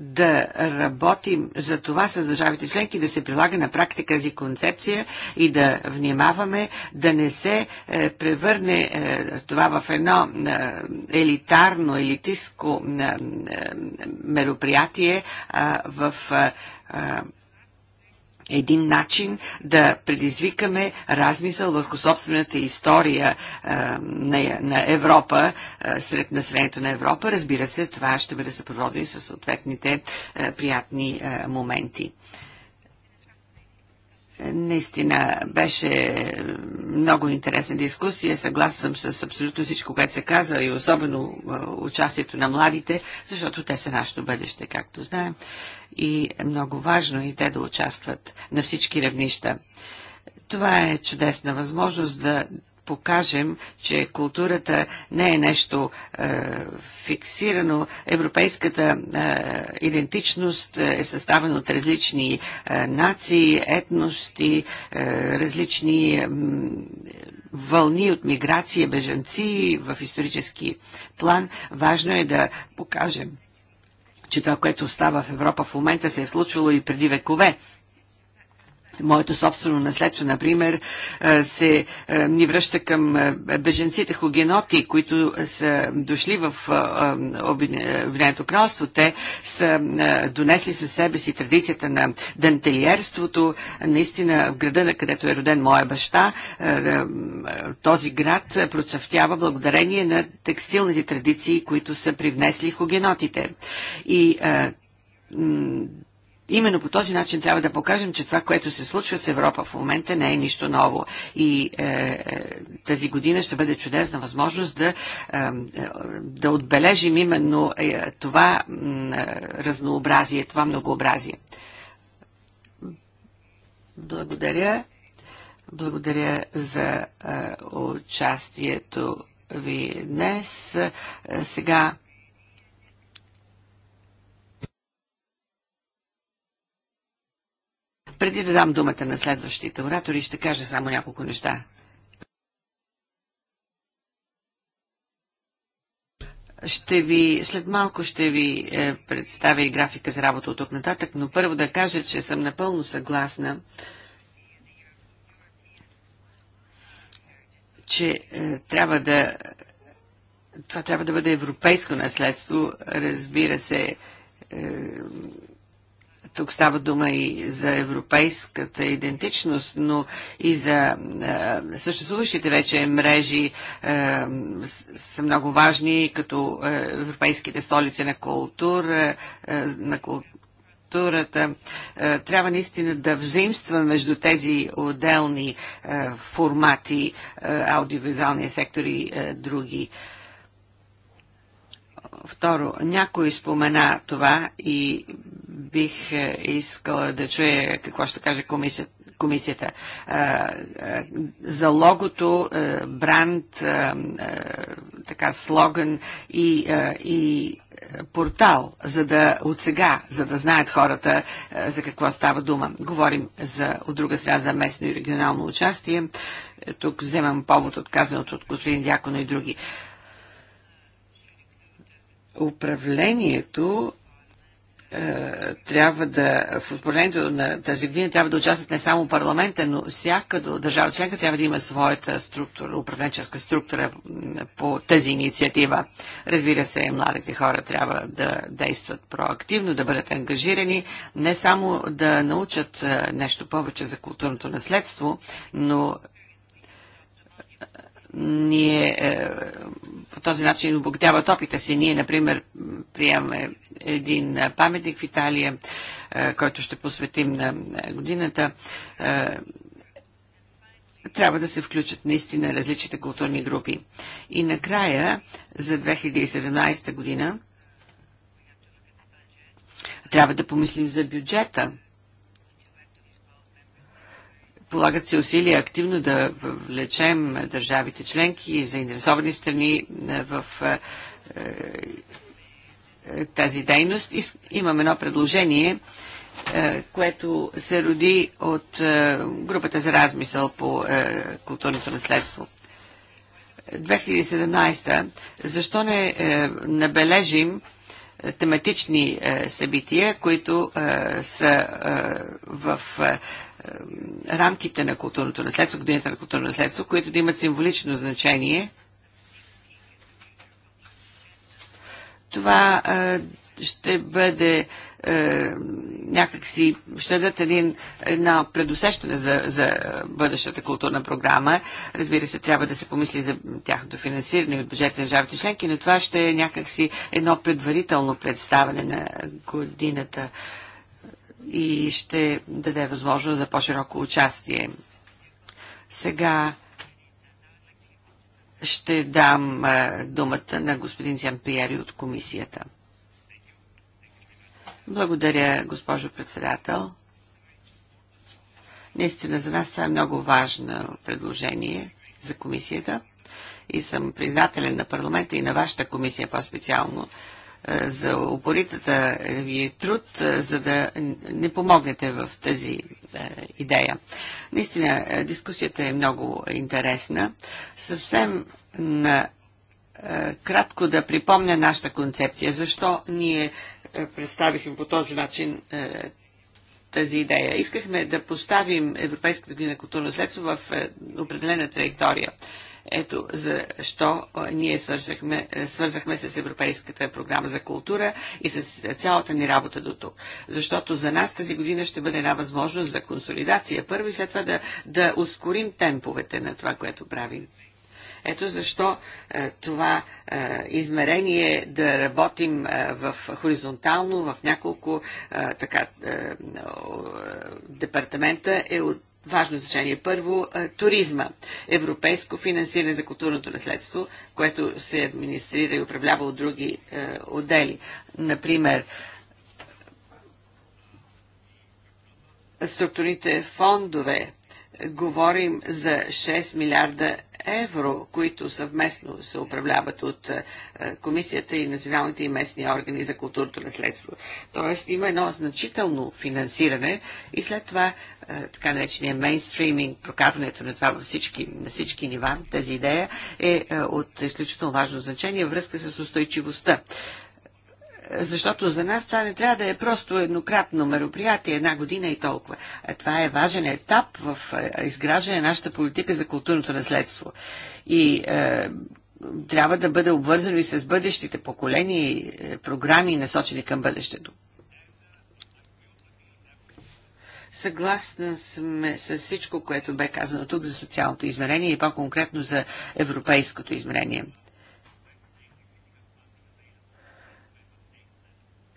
да работим за това с държавите членки, да се прилага на практика тази концепция и да внимаваме да не се е, превърне е, това в едно е, елитарно, елитистко мероприятие в един начин да предизвикаме размисъл върху собствената история е, на, на Европа, е, сред населението на Европа. Разбира се, това ще бъде съпроводено с съответните е, приятни моменти. Наистина беше много интересна дискусия. Съгласен съм с абсолютно всичко, което се каза и особено участието на младите, защото те са нашето бъдеще, както знаем. И е много важно и те да участват на всички равнища. Това е чудесна възможност да покажем, че културата не е нещо е, фиксирано. Европейската е, идентичност е, е съставена от различни е, нации, етности, е, различни е, вълни от миграция, бежанци в исторически план. Важно е да покажем, че това, което става в Европа в момента, се е случвало и преди векове моето собствено наследство, например, се ни връща към беженците хугеноти, които са дошли в Обединеното кралство. Те са донесли със себе си традицията на дантелиерството. Наистина в града, на където е роден моя баща, този град процъфтява благодарение на текстилните традиции, които са привнесли хугенотите. И Именно по този начин трябва да покажем, че това, което се случва с Европа в момента не е нищо ново. И е, е тази година ще бъде чудесна възможност да, е, е да отбележим именно е, това е, разнообразие, това многообразие. Благодаря. Благодаря за е, участието ви днес. Е, сега Преди да дам думата на следващите оратори, ще кажа само няколко неща. Ще ви, след малко ще ви е, представя и графика за работа от тук нататък, но първо да кажа, че съм напълно съгласна, че е, трябва да. Това трябва да бъде европейско наследство. Разбира се, е, тук става дума и за европейската идентичност, но и за е, съществуващите вече мрежи е, са много важни, като е, европейските столици на култура, е, е, на култура културата. Е, трябва наистина да взаимства между тези отделни формати, аудиовизуалния сектор и други. Второ, някой спомена това и бих е, искала да чуя какво ще каже комисията комисията. За логото, е, бранд, е, така слоган и, и портал, за да от сега, за да знаят хората за какво става дума. Говорим за, от друга страна за местно и регионално участие. Тук вземам повод от казаното от господин Дяконо и други управлението е, трябва да, в управлението на тази година трябва да участват не само парламента, но всяка държава членка трябва да има своята структура, управленческа структура по тази инициатива. Разбира се, младите хора трябва да действат проактивно, да бъдат ангажирани, не само да научат е, нещо повече за културното наследство, но ние е, по този начин обогатяват опита си. Ние, например, приемаме един паметник в Италия, е, който ще посветим на годината. Е, трябва да се включат наистина различните културни групи. И накрая, за 2017 година, трябва да помислим за бюджета – Полагат се усилия активно да влечем държавите членки и заинтересовани страни е, в е, е, тази дейност. Имам едно предложение, което се роди от групата за размисъл по културното наследство. 2017. Защо не набележим тематични е, събития, които е, са е, в рамките на културното наследство, годината на културно наследство, които да имат символично значение. Това ще бъде е, някакси, ще дадат един, една предусещане за, за бъдещата културна програма. Разбира се, трябва да се помисли за тяхното финансиране от бюджета на държавите членки, но това ще е някакси едно предварително представяне на годината и ще даде възможност за по-широко участие. Сега ще дам е, думата на господин Пиери от комисията. Благодаря, госпожо председател. Наистина за нас това е много важно предложение за комисията и съм признателен на парламента и на вашата комисия по-специално е, за упоритата ви труд, е, за да не помогнете в тази е, идея. Наистина, дискусията е много интересна. Съвсем на кратко да припомня нашата концепция, защо ние е, представихме по този начин е, тази идея. Искахме да поставим Европейската година културно следство в е, определена траектория. Ето защо ние свързахме, свързахме с Европейската програма за култура и с цялата ни работа до тук. Защото за нас тази година ще бъде една възможност за консолидация. Първо и след това да, да ускорим темповете на това, което правим. Ето защо е, това е, измерение да работим е, в хоризонтално в няколко така, департамента е от важно значение. Първо, туризма. Европейско финансиране за културното наследство, което се администрира и управлява от други е, отдели. Например, структурните фондове. Говорим за 6 милиарда евро, които съвместно се управляват от е, комисията и националните и местни органи за културното наследство. Тоест има едно значително финансиране и след това е, така наречения мейнстриминг, прокарването на това във всички, на всички нива, тази идея е, е от изключително важно значение връзка с устойчивостта защото за нас това не трябва да е просто еднократно мероприятие, една година и толкова. Това е важен етап в изграждане на нашата политика за културното наследство. И е, трябва да бъде обвързано и с бъдещите поколения и е, програми, насочени към бъдещето. Съгласна сме с всичко, което бе казано тук за социалното измерение и по-конкретно за европейското измерение.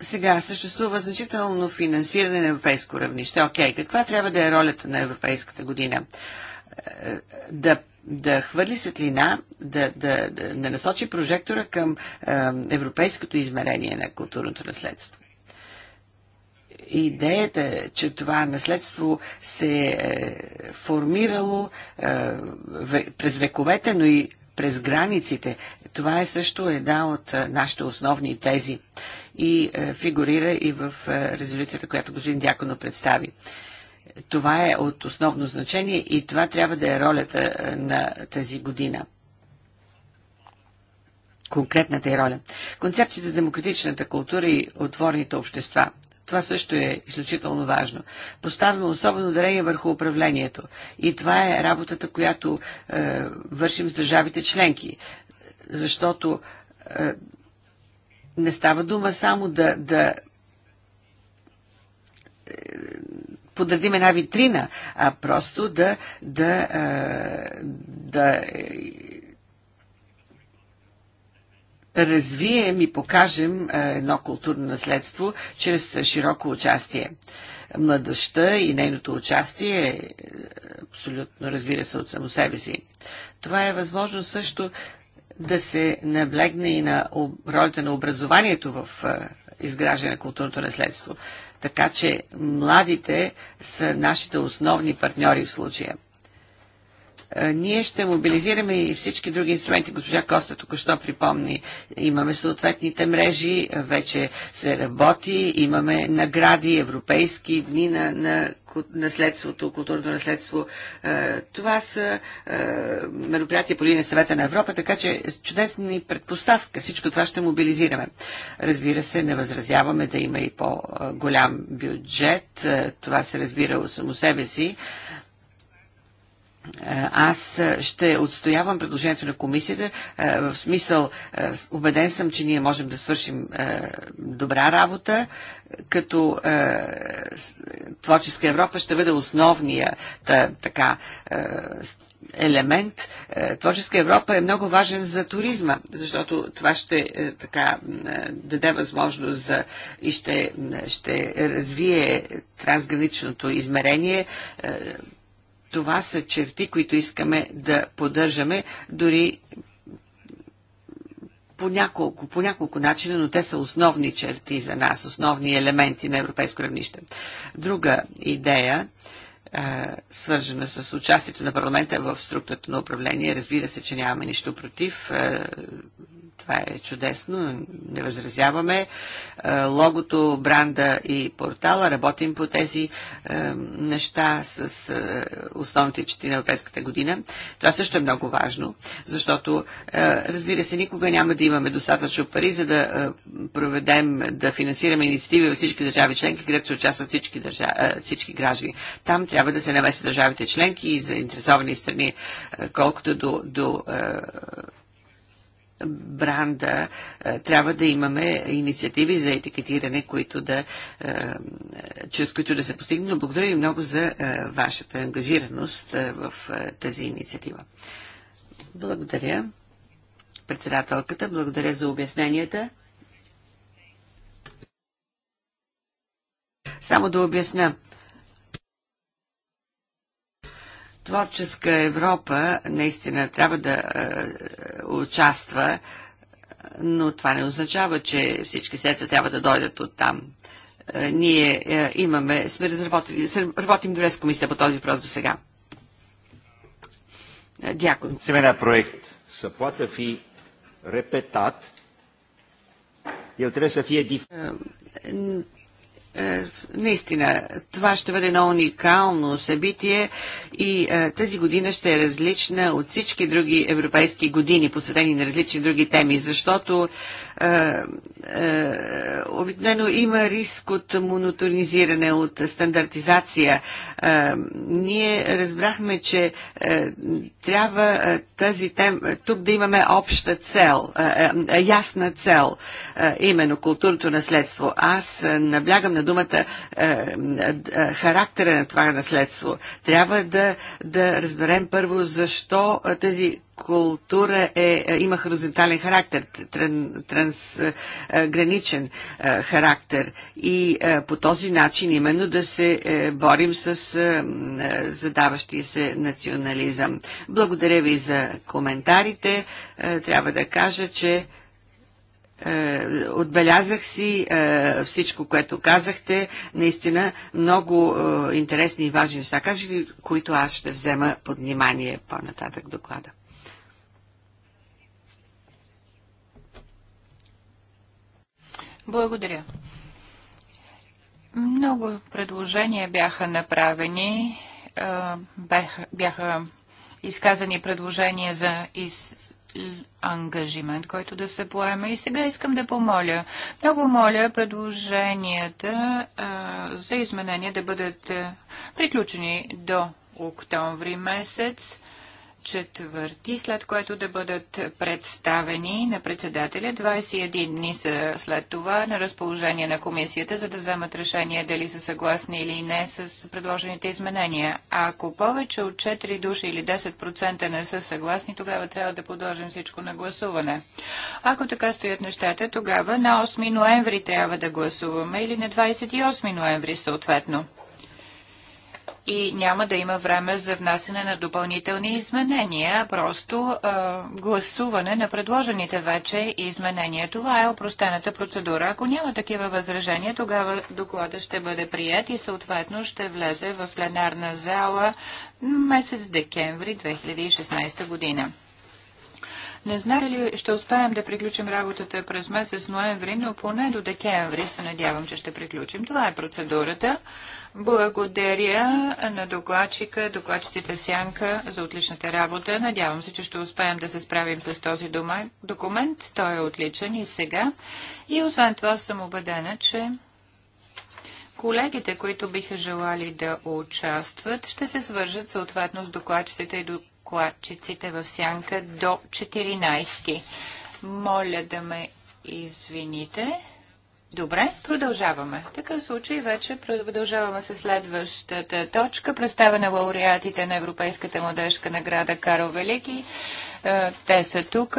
Сега съществува значително финансиране на европейско равнище. Окей, каква трябва да е ролята на Европейската година? Е, да да хвърли светлина, да, да, да, да насочи прожектора към е, европейското измерение на културното наследство. Идеята, е, че това наследство се е формирало е, през вековете, но и през границите. Това е също една от нашите основни тези и фигурира и в резолюцията, която господин Дяконо представи. Това е от основно значение и това трябва да е ролята на тази година конкретната е роля. Концепцията за демократичната култура и отворените общества. Това също е изключително важно. Поставяме особено дарение върху управлението. И това е работата, която е, вършим с държавите членки. Защото е, не става дума само да, да е, подредим една витрина, а просто да, да, е, да е, развием и покажем едно културно наследство чрез широко участие. Младъжта и нейното участие е абсолютно разбира се от само себе си. Това е възможно също да се наблегне и на ролята на образованието в изграждане на културното наследство. Така че младите са нашите основни партньори в случая. Е, ние ще мобилизираме и всички други инструменти. Госпожа Коста тук що припомни, имаме съответните мрежи, е, вече се работи, имаме награди, европейски дни на, на наследството, културното наследство. Е, това са мероприятия по линия съвета на Европа, така че чудесни предпоставка. Всичко това ще мобилизираме. Разбира се, не възразяваме да има и по-голям бюджет. Това се разбира от само себе си. Е, аз е, ще отстоявам предложението на комисията е, в смисъл убеден съм, че ние можем да свършим добра работа, като Творческа Европа ще бъде основния така елемент. Творческа Европа е много важен за туризма, защото това ще така даде възможност за и ще, ще развие трансграничното измерение това са черти, които искаме да поддържаме, дори по няколко, по няколко начина, но те са основни черти за нас, основни елементи на европейско равнище. Друга идея, свържена с участието на парламента в структурата на управление, разбира се, че нямаме нищо против. Това е чудесно, не възразяваме. Е, логото, бранда и портала работим по тези е, неща с е, основните чети на Европейската година. Това също е много важно, защото разбира се, никога няма да имаме достатъчно пари, за да проведем, да финансираме инициативи във всички държави членки, където се участват всички, държа... всички граждани. Там трябва да се намесят държавите членки и заинтересовани страни, колкото до, до бранда е, трябва да имаме инициативи за етикетиране, които да, е, чрез които да се постигне. Но благодаря ви много за е, вашата ангажираност в тази инициатива. Благодаря. Председателката, благодаря за обясненията. Само да обясня. Творческа Европа наистина трябва да е, участва, но това не означава, че всички средства трябва да дойдат от там е, ние е, имаме, сме разработили, работим добре с комисията по този въпрос до сега. Дякон. Семена проект са poată fi репетат, el trebuie să fie diferit. Е, наистина, това ще бъде едно уникално събитие и а, е, тази година ще е различна от всички други европейски години, посветени на различни други теми, защото е, е, обикновено има риск от монотонизиране, от стандартизация. Е, ние разбрахме, че трябва тази тема, тук да имаме обща цел, ясна цел, именно културното наследство. Аз наблягам на думата характера на това наследство. Трябва да, да разберем първо защо тази култура е, е, има хоризонтален характер, трансграничен е, е, характер и по този начин именно да се борим с задаващия се национализъм. Благодаря ви за коментарите. Трябва да кажа, че отбелязах си всичко, което казахте. Наистина много интересни и важни неща които аз ще взема под внимание по-нататък доклада. Благодаря. Много предложения бяха направени, бяха, изказани предложения за из, ангажимент, който да се поеме. И сега искам да помоля. Много моля предложенията за изменения да бъдат приключени до октомври месец четвърти, след което да бъдат представени на председателя. 21 дни са след това на разположение на комисията, за да вземат решение дали са съгласни или не с предложените изменения. А ако повече от 4 души или 10% не са съгласни, тогава трябва да подложим всичко на гласуване. Ако така стоят нещата, тогава на 8 ноември трябва да гласуваме или на 28 ноември съответно и няма да има време за внасяне на допълнителни изменения, просто а, гласуване на предложените вече изменения. Това е опростената процедура. Ако няма такива възражения, тогава доклада ще бъде прият и съответно ще влезе в пленарна зала месец декември 2016 година. Не знам дали ще успеем да приключим работата през месец ноември, но поне до декември се надявам, че ще приключим. Това е процедурата. Благодаря на докладчика, докладчиците Сянка за отличната работа. Надявам се, че ще успеем да се справим с този документ. Той е отличен и сега. И освен това съм убедена, че колегите, които биха желали да участват, ще се свържат съответно с докладчиците и докладчиците в сянка до 14. Моля да ме извините. Добре, продължаваме. В такъв случай вече продължаваме с следващата точка. Представа на лауреатите на Европейската младежка награда Каро Велики. Е, те са тук.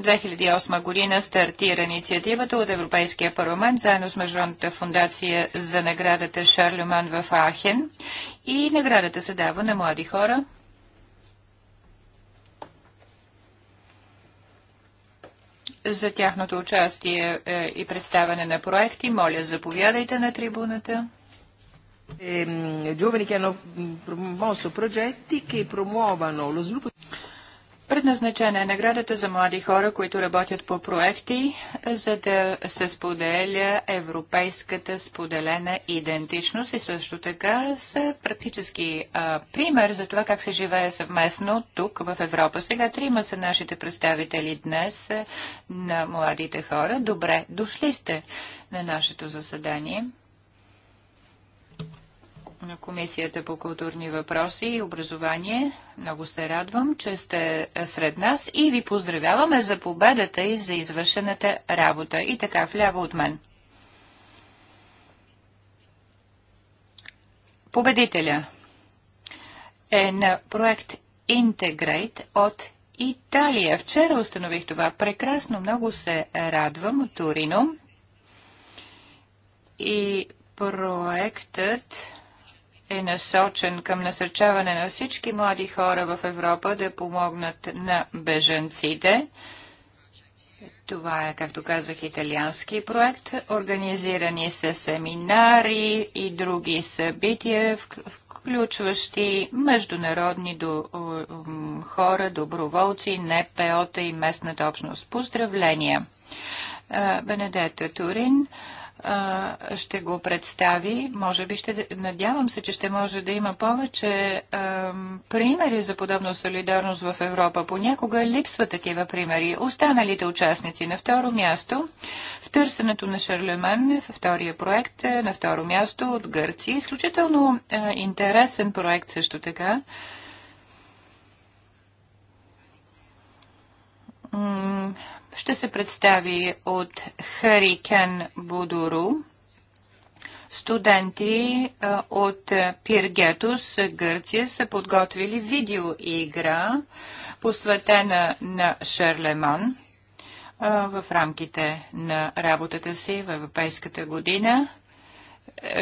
2008 година стартира инициативата от Европейския парламент заедно с Международната фундация за наградата Шарлеман в Ахен и наградата се дава на млади хора, за тяхното участие е, и представяне на проекти. Моля, заповядайте на трибуната. Giovani che hanno promosso progetti che promuovano lo sviluppo. Предназначена е наградата за млади хора, които работят по проекти, за да се споделя европейската споделена идентичност и също така са практически а, пример за това как се живее съвместно тук в Европа. Сега трима са нашите представители днес на младите хора. Добре, дошли сте на нашето заседание на Комисията по културни въпроси и образование. Много се радвам, че сте сред нас и ви поздравяваме за победата и за извършената работа. И така, вляво от мен. Победителя е на проект Integrate от Италия. Вчера установих това. Прекрасно, много се радвам от Торино. И проектът е насочен към насърчаване на всички млади хора в Европа да помогнат на бежанците. Това е, както казах, италиански проект. Организирани са семинари и други събития, включващи международни до, хора, доброволци, НПО-та и местната общност. Поздравления! Бенедета Турин ще го представи. Може би ще, надявам се, че ще може да има повече примери за подобна солидарност в Европа. Понякога липсва такива примери. Останалите участници на второ място в търсенето на Шарлеман, в втория проект, е, на второ място от Гърция. Изключително е, интересен проект също така. М ще се представи от Харикен Будуру, студенти от Пиргетус, Гърция, са подготвили видеоигра, посветена на Шерлеман в рамките на работата си в Европейската година.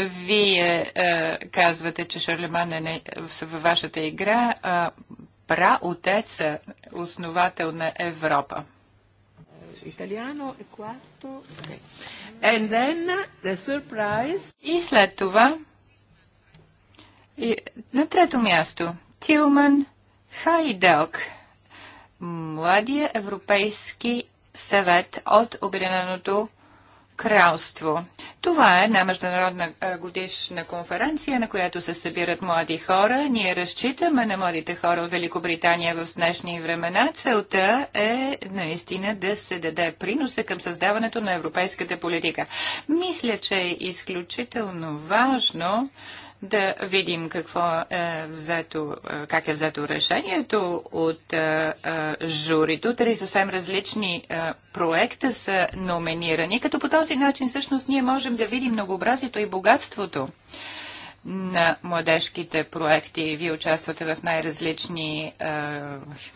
Вие е, казвате, че Шарлеман е не, във вашата игра е, праотеца, основател на Европа italiano e quarto. Okay. And then the surprise. И след това на трето място Тилман Хайделк, младия европейски съвет от Обединеното кралство. Това е една международна е, годишна конференция, на която се събират млади хора. Ние разчитаме на младите хора от Великобритания в днешни времена. Целта е наистина да се даде приноса към създаването на европейската политика. Мисля, че е изключително важно да видим какво е взето, е, как е взето решението от е, е, журито. Три съвсем различни проекта са номинирани, като по този начин всъщност ние можем да видим многообразието и богатството на младежките проекти. Вие участвате в най-различни е,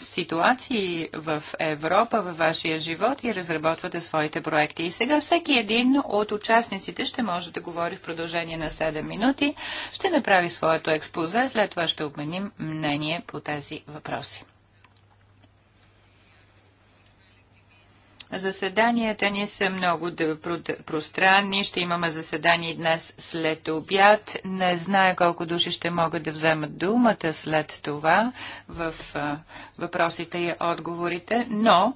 ситуации в Европа, във вашия живот и разработвате своите проекти. И сега всеки един от участниците ще може да говори в продължение на 7 минути, ще направи своето експозе, след това ще обменим мнение по тези въпроси. Заседанията ни са много пространни. Ще имаме заседание днес след обяд. Не зная колко души ще могат да вземат думата след това в въпросите и отговорите, но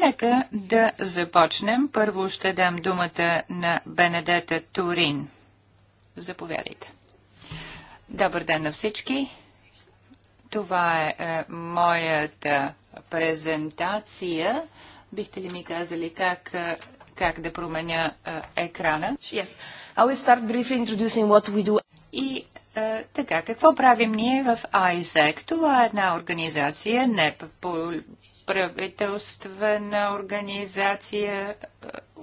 нека да започнем. Първо ще дам думата на Бенедета Турин. Заповядайте. Добър ден на всички. Това е, е моята презентация Бихте ли ми казали как, как да променя екрана? Yes. I will start briefly introducing what we do. И така, какво правим ние в ISEC? Това е една организация, не правителствена организация,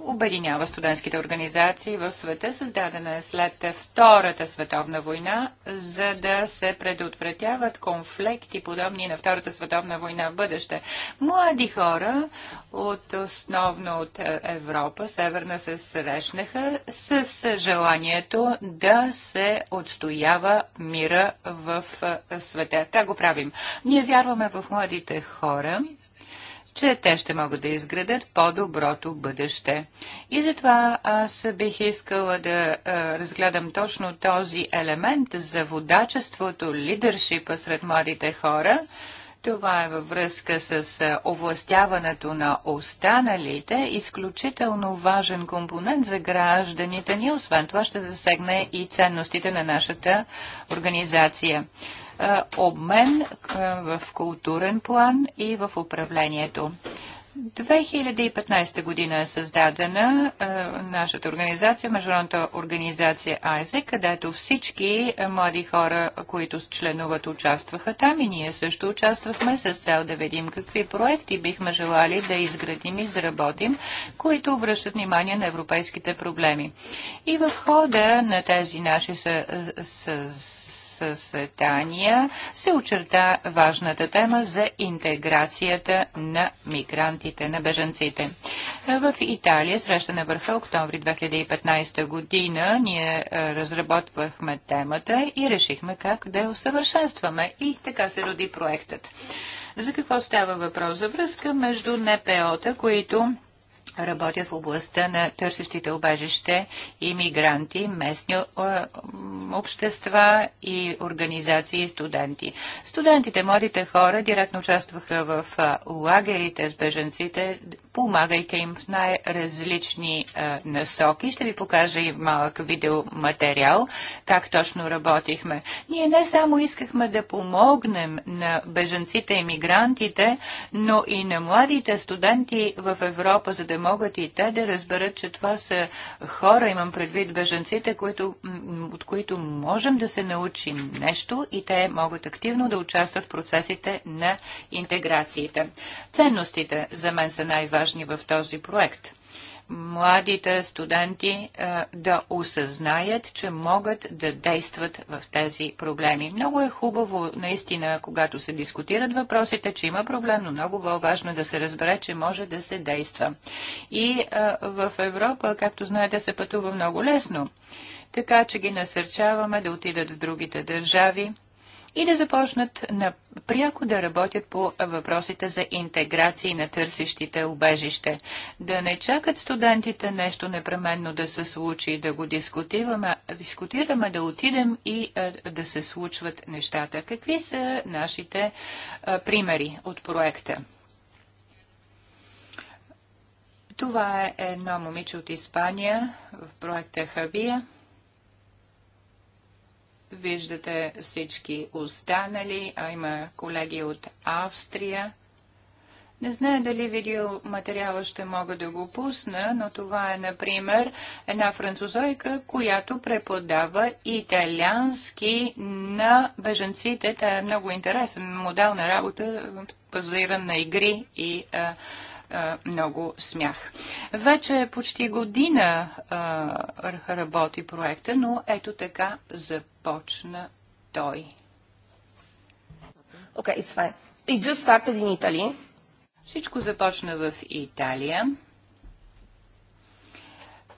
обединява студентските организации в света, създадена е след Втората световна война, за да се предотвратяват конфликти, подобни на Втората световна война в бъдеще. Млади хора от основно от е, Европа, Северна, се срещнаха с желанието да се отстоява мира в е, света. Как го правим? Ние вярваме в младите хора, че те ще могат да изградат по-доброто бъдеще. И затова аз бих искала да разгледам точно този елемент за водачеството, лидершипа сред младите хора. Това е във връзка с овластяването на останалите, изключително важен компонент за гражданите ни. Освен това ще засегне и ценностите на нашата организация. Е, обмен е, в културен план и в управлението. 2015 година е създадена е, нашата организация, Международната организация АЕСЕ, където всички е, млади хора, които членуват, участваха там и ние също участвахме с цел да видим какви проекти бихме желали да изградим и заработим, които обръщат внимание на европейските проблеми. И в хода на тези наши с. с, Тания се очерта важната тема за интеграцията на мигрантите, на бежанците. В Италия, среща на върха октомври 2015 година, ние е, разработвахме темата и решихме как да я усъвършенстваме. И така се роди проектът. За какво става въпрос? За връзка между НПО-та, които работят в областта на търсещите обежище и мигранти, местни е, общества и организации и студенти. Студентите, младите хора директно участваха в лагерите с беженците, помагайки им в най-различни насоки. Ще ви покажа и малък видеоматериал, как точно работихме. Ние не само искахме да помогнем на беженците и мигрантите, но и на младите студенти в Европа, за да могат и те да разберат, че това са хора, имам предвид бежанците, които, от които можем да се научим нещо и те могат активно да участват в процесите на интеграциите. Ценностите за мен са най-важни в този проект младите студенти да осъзнаят, че могат да действат в тези проблеми. Много е хубаво, наистина, когато се дискутират въпросите, че има проблем, но много важно е да се разбере, че може да се действа. И а, в Европа, както знаете, се пътува много лесно, така че ги насърчаваме да отидат в другите държави и да започнат пряко да работят по въпросите за интеграции на търсещите убежище. Да не чакат студентите нещо непременно да се случи, да го дискутираме, дискутираме да отидем и да се случват нещата. Какви са нашите примери от проекта? Това е едно момиче от Испания в проекта Хавия. Виждате всички останали, а има колеги от Австрия. Не знае дали видеоматериала ще мога да го пусна, но това е, например, една французойка, която преподава италиански на беженците. Това е много интересен модел на работа, базиран на игри и а, много смях. Вече почти година работи проекта, но ето така започна той. Okay, it's fine. It just started in Italy. Всичко започна в Италия.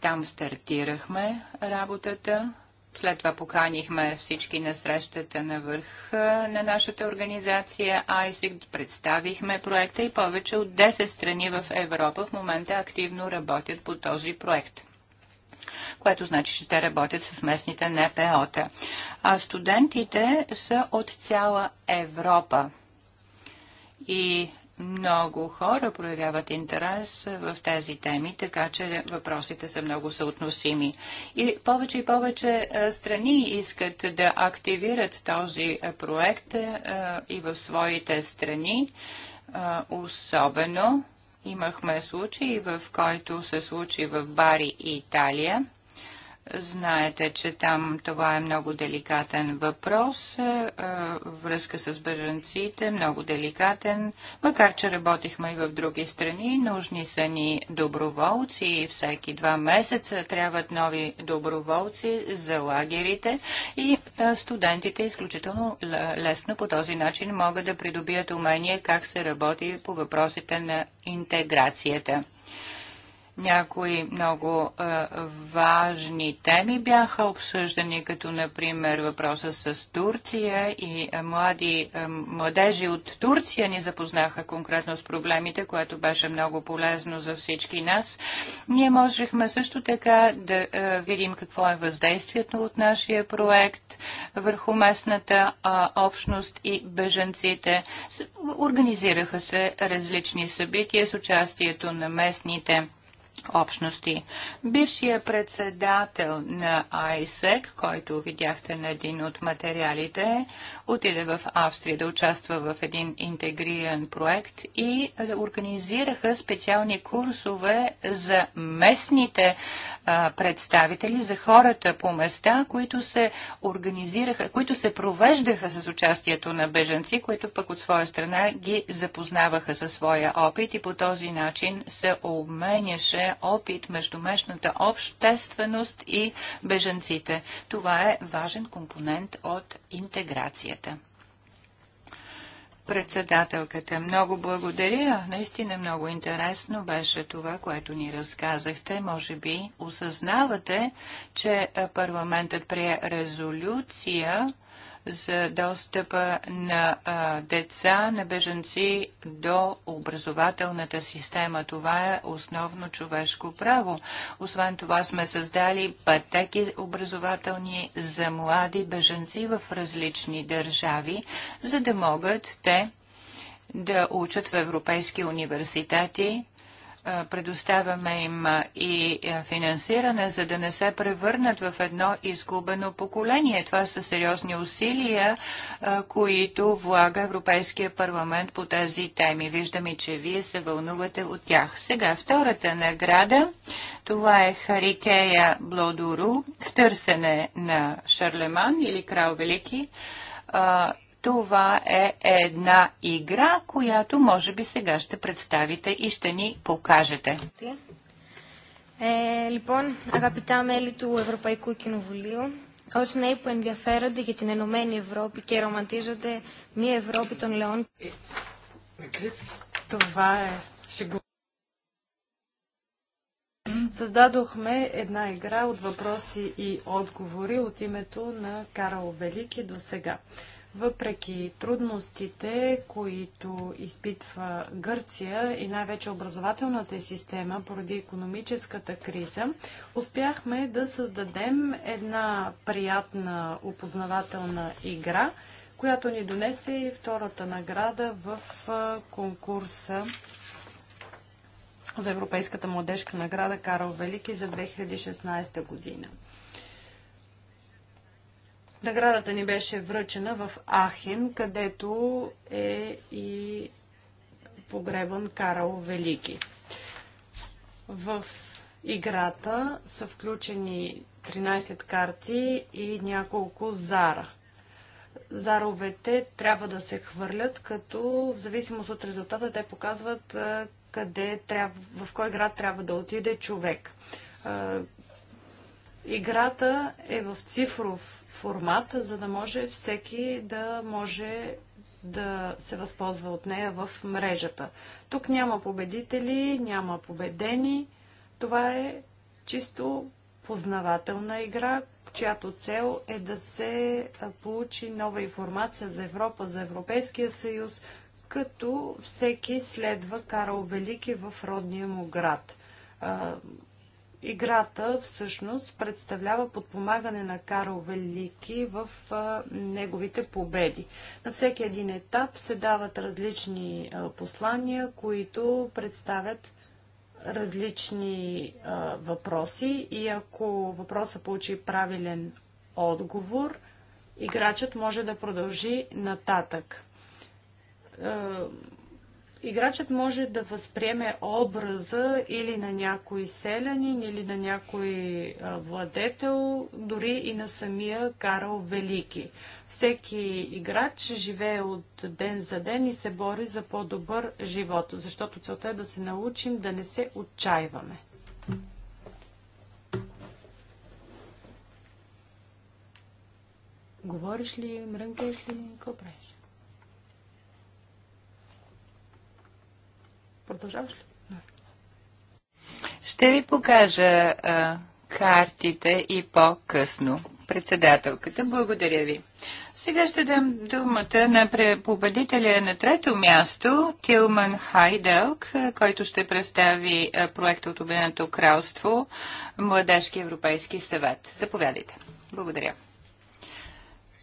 Там стартирахме работата след това поканихме всички на срещата на върха на нашата организация ISIC, представихме проекта и повече от 10 страни в Европа в момента активно работят по този проект което значи, че те работят с местните НПО-та. А студентите са от цяла Европа. И много хора проявяват интерес в тези теми, така че въпросите са много съотносими. И повече и повече е, страни искат да активират този проект е, и в своите страни, е, особено Имахме случаи, в който се случи в Бари, Италия. Знаете, че там това е много деликатен въпрос. Е, е, връзка с бежанците много деликатен. Макар, че работихме и в други страни, нужни са ни доброволци. Всеки два месеца трябват нови доброволци за лагерите и е, студентите изключително лесно по този начин могат да придобият умение как се работи по въпросите на интеграцията. Някои много е, важни теми бяха обсъждани, като например въпроса с Турция и млади, е, младежи от Турция ни запознаха конкретно с проблемите, което беше много полезно за всички нас. Ние можехме също така да е, видим какво е въздействието от нашия проект върху местната е, общност и беженците. Организираха се различни събития с участието на местните общности. Бившия председател на АИСЕК, който видяхте на един от материалите, отиде в Австрия да участва в един интегриран проект и организираха специални курсове за местните представители, за хората по места, които се организираха, които се провеждаха с участието на бежанци, които пък от своя страна ги запознаваха със своя опит и по този начин се обменяше опит между местната общественост и бежанците. Това е важен компонент от интеграцията бюджета. Председателката, много благодаря. Наистина много интересно беше това, което ни разказахте. Може би осъзнавате, че парламентът прие резолюция за достъпа на а, деца, на беженци до образователната система. Това е основно човешко право. Освен това сме създали пътеки образователни за млади беженци в различни държави, за да могат те да учат в европейски университети е, предоставяме им е, и е, финансиране, за да не се превърнат в едно изгубено поколение. Това са сериозни усилия, които влага Европейския парламент по тези теми. Виждаме, че вие се вълнувате от тях. Сега втората награда. Това е Харикея Блодуру в търсене на Шарлеман или Крал Велики това е една игра, която може би сега ще представите и ще ни покажете. Ε, λοιπόν, αγαπητά μέλη του Ευρωπαϊκού Κοινοβουλίου, ως νέοι που ενδιαφέρονται για την Ενωμένη Ευρώπη και ρομαντίζονται μια Ευρώπη των λαών... Създадохме една игра от въпроси и отговори от името на Карл Велики до сега. Въпреки трудностите, които изпитва Гърция и най-вече образователната система поради економическата криза, успяхме да създадем една приятна опознавателна игра, която ни донесе и втората награда в конкурса за Европейската младежка награда Карл Велики за 2016 година. Наградата ни беше връчена в Ахен, където е и погребан Карл Велики. В играта са включени 13 карти и няколко зара. Заровете трябва да се хвърлят, като в зависимост от резултата те показват къде трябва, в кой град трябва да отиде човек. Играта е в цифров формат, за да може всеки да може да се възползва от нея в мрежата. Тук няма победители, няма победени. Това е чисто познавателна игра, чиято цел е да се получи нова информация за Европа, за Европейския съюз, като всеки следва Карл Велики в родния му град. Играта всъщност представлява подпомагане на Карл Велики в а, неговите победи. На всеки един етап се дават различни а, послания, които представят различни а, въпроси и ако въпросът получи правилен отговор, играчът може да продължи нататък Играчът може да възприеме образа или на някой селянин, или на някой владетел, дори и на самия Карл Велики. Всеки играч живее от ден за ден и се бори за по-добър живот, защото целта е да се научим да не се отчаиваме. Говориш ли, мрънкаш ли, какво правиш? Продължаваш ли? Ще ви покажа а, картите и по-късно. Председателката, благодаря ви. Сега ще дам думата на победителя на трето място, Тилман Хайделк, който ще представи проекта от Обединеното кралство Младежки европейски съвет. Заповядайте. Благодаря.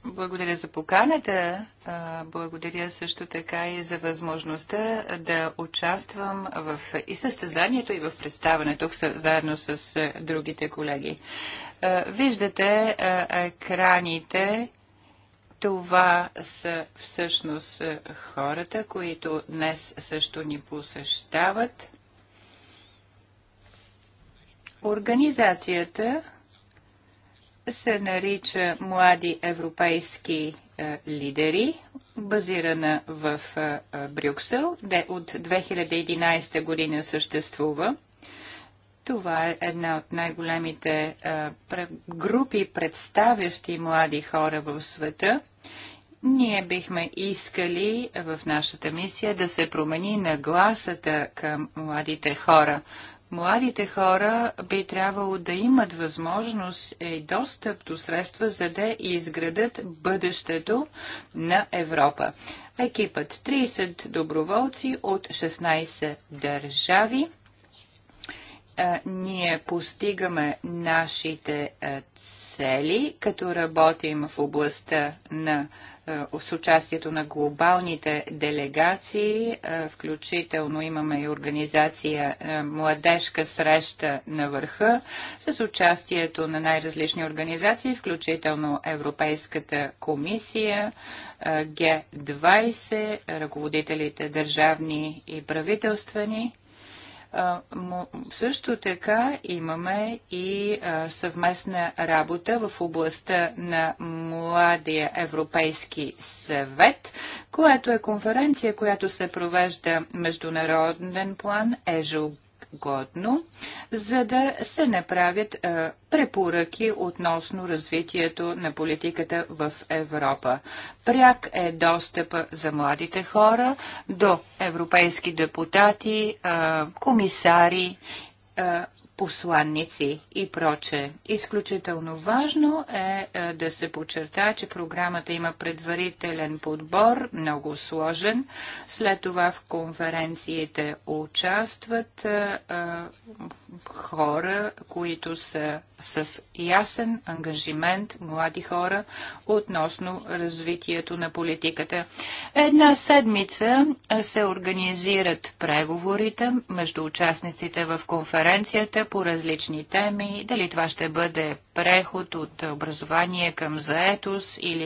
Благодаря за поканата. Благодаря също така и за възможността да участвам в и състезанието, и в представането тук заедно с другите колеги. Виждате екраните. Това са всъщност хората, които днес също ни посещават. Организацията се нарича Млади европейски е, лидери, базирана в е, е, Брюксел, де от 2011 година съществува. Това е една от най-големите групи, представящи млади хора в света. Ние бихме искали в нашата мисия да се промени нагласата към младите хора. Младите хора би трябвало да имат възможност и достъп до средства, за да изградат бъдещето на Европа. Екипът 30 доброволци от 16 държави е, ние постигаме нашите е, цели, като работим в областта на е, с участието на глобалните делегации, е, включително имаме и организация е, Младежка среща на върха, с участието на най-различни организации, включително Европейската комисия, Г20, ръководителите държавни и правителствени също така имаме и съвместна работа в областта на Младия Европейски съвет, което е конференция, която се провежда международен план ежел годно, за да се направят е, препоръки относно развитието на политиката в Европа. Пряк е достъп за младите хора до европейски депутати, е, комисари, е, посланници и проче. Изключително важно е, е да се подчерта, че програмата има предварителен подбор, много сложен. След това в конференциите участват е, е, хора, които са с ясен ангажимент, млади хора, относно развитието на политиката. Една седмица се организират преговорите между участниците в конференцията, по различни теми, дали това ще бъде преход от образование към заетост или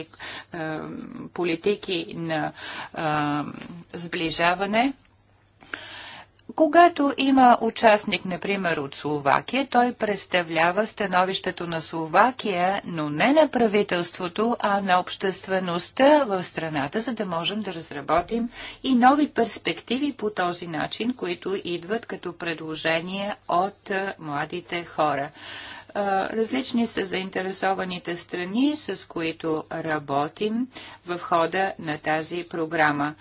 е, политики на е, сближаване – когато има участник, например, от Словакия, той представлява становището на Словакия, но не на правителството, а на обществеността в страната, за да можем да разработим и нови перспективи по този начин, които идват като предложения от младите хора. Различни са заинтересованите страни, с които работим в хода на тази програма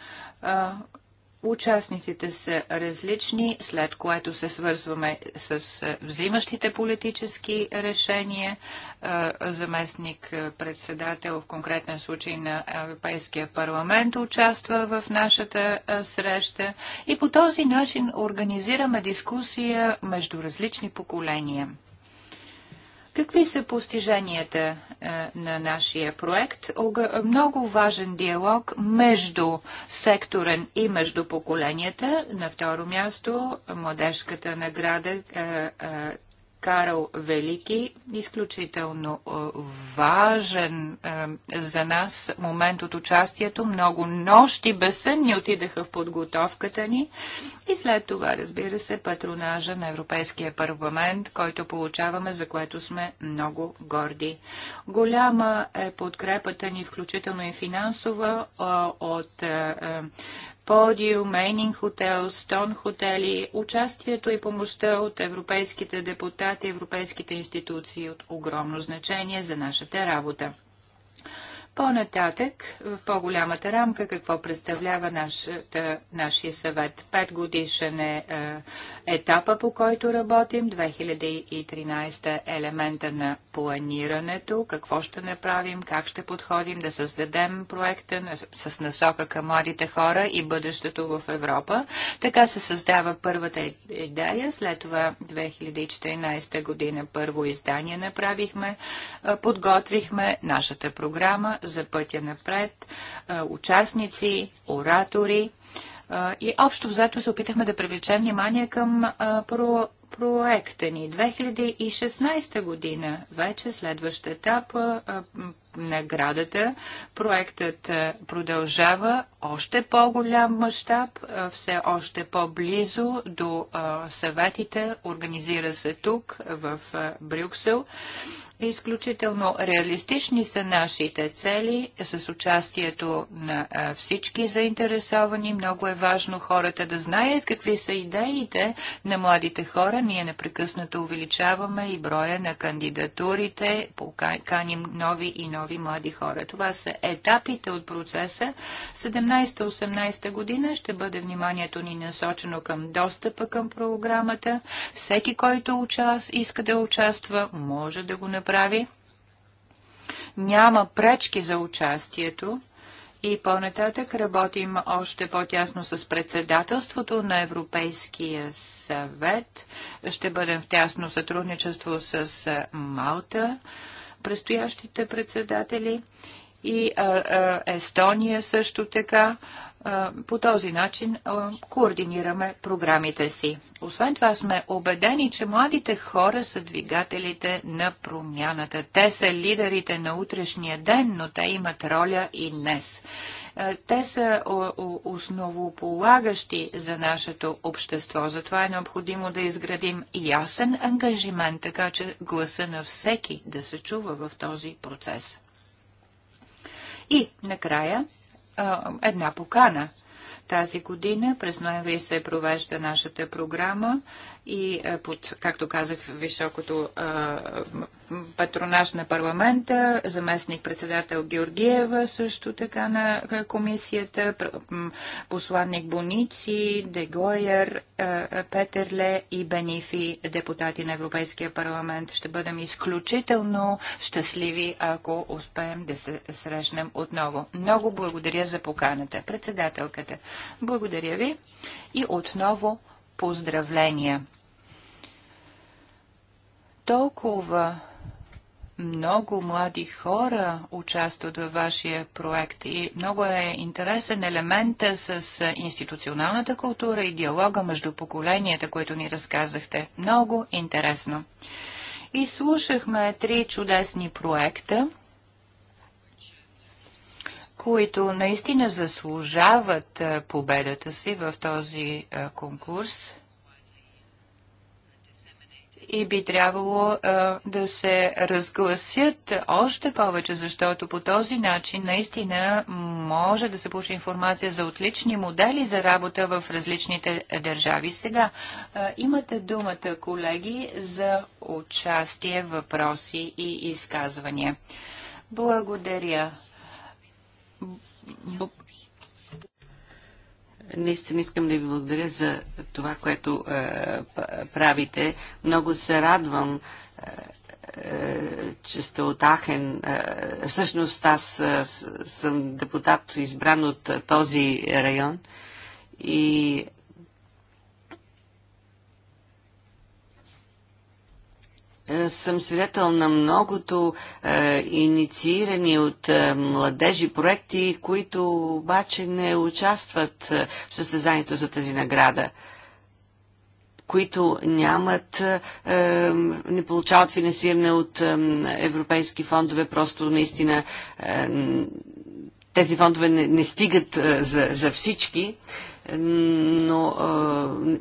участниците са различни, след което се свързваме с взимащите политически решения, заместник председател в конкретен случай на Европейския парламент участва в нашата среща и по този начин организираме дискусия между различни поколения. Какви са постиженията е, на нашия проект? Много важен диалог между секторен и между поколенията. На второ място, младежката награда е, е, Карл Велики. Изключително е, важен е, за нас момент от участието. Много нощи безсънни отидаха в подготовката ни. И след това, разбира се, патронажа на Европейския парламент, който получаваме, за което сме много горди. Голяма е подкрепата ни, включително и финансова, е, от подиум, Мейнинг хотел, Стон хотели, участието и помощта от европейските депутати, европейските институции от огромно значение за нашата работа. По-нататък, в по-голямата рамка, какво представлява нашата, нашия съвет? Пет годишен е, е етапа, по който работим, 2013 е елемента на планирането, какво ще направим, как ще подходим, да създадем проекта с насока към младите хора и бъдещето в Европа. Така се създава първата идея. След това 2014 година първо издание направихме, подготвихме нашата програма за пътя напред, участници, оратори. И общо взето се опитахме да привлечем внимание към проекта ни. 2016 година, вече следващ етап, наградата, проектът продължава още по-голям мащаб, все още по-близо до съветите, организира се тук в Брюксел Изключително реалистични са нашите цели с участието на всички заинтересовани. Много е важно хората да знаят какви са идеите на младите хора. Ние непрекъснато увеличаваме и броя на кандидатурите, поканим нови и нови млади хора. Това са етапите от процеса. 17-18 година ще бъде вниманието ни насочено към достъпа към програмата. Всеки, който иска да участва, може да го направи прави. Няма пречки за участието и по-нататък работим още по-тясно с председателството на Европейския съвет. Ще бъдем в тясно сътрудничество с Малта, предстоящите председатели и а, а, Естония също така по този начин координираме програмите си. Освен това сме убедени, че младите хора са двигателите на промяната. Те са лидерите на утрешния ден, но те имат роля и днес. Те са основополагащи за нашето общество. Затова е необходимо да изградим ясен ангажимент, така че гласа на всеки да се чува в този процес. И накрая а, една покана. Тази година през ноември се провежда нашата програма и е, под, както казах, високото е, патронаж на парламента, заместник-председател Георгиева също така на е, комисията, посланник Боници, Дегойер, Петерле и Бенифи, депутати на Европейския парламент. Ще бъдем изключително щастливи, ако успеем да се срещнем отново. Много благодаря за поканата. Председателката, благодаря ви и отново Поздравления! Толкова много млади хора участват във вашия проект и много е интересен елемента с институционалната култура и диалога между поколенията, които ни разказахте. Много интересно. И слушахме три чудесни проекта които наистина заслужават победата си в този конкурс и би трябвало да се разгласят още повече, защото по този начин наистина може да се получи информация за отлични модели за работа в различните държави. Сега имате думата, колеги, за участие, въпроси и изказвания. Благодаря. Наистина искам да ви благодаря за това, което е, правите. Много се радвам, е, е, че сте от Ахен. Е, всъщност аз е, съм депутат, избран от е, този район. И Е, съм свидетел на многото е, инициирани от е, младежи проекти, които обаче не участват е, в състезанието за тази награда които нямат, е, е, не получават финансиране от е, европейски фондове, просто наистина е, тези фондове не, не стигат за, за всички но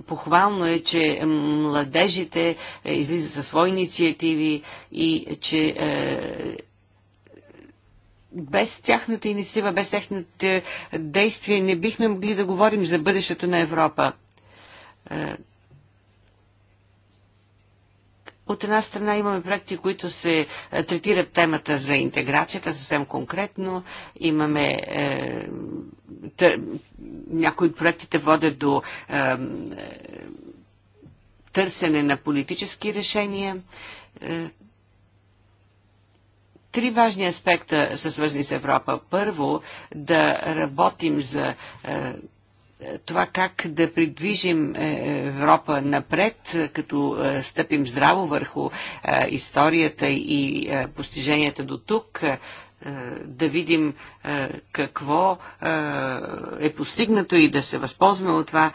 похвално е, че младежите е, излизат със свои инициативи и че е, без тяхната инициатива, без техните действия не бихме могли да говорим за бъдещето на Европа. Е, от една страна имаме проекти, които се е, третират темата за интеграцията съвсем конкретно. Имаме е, тър, някои от проектите водят до е, е, търсене на политически решения. Е, Три важни аспекта са свързани с Европа. Първо, да работим за е, това как да придвижим е, Европа напред, е, като е, стъпим здраво върху историята и постиженията до тук, да видим какво е постигнато и да се възползваме от това,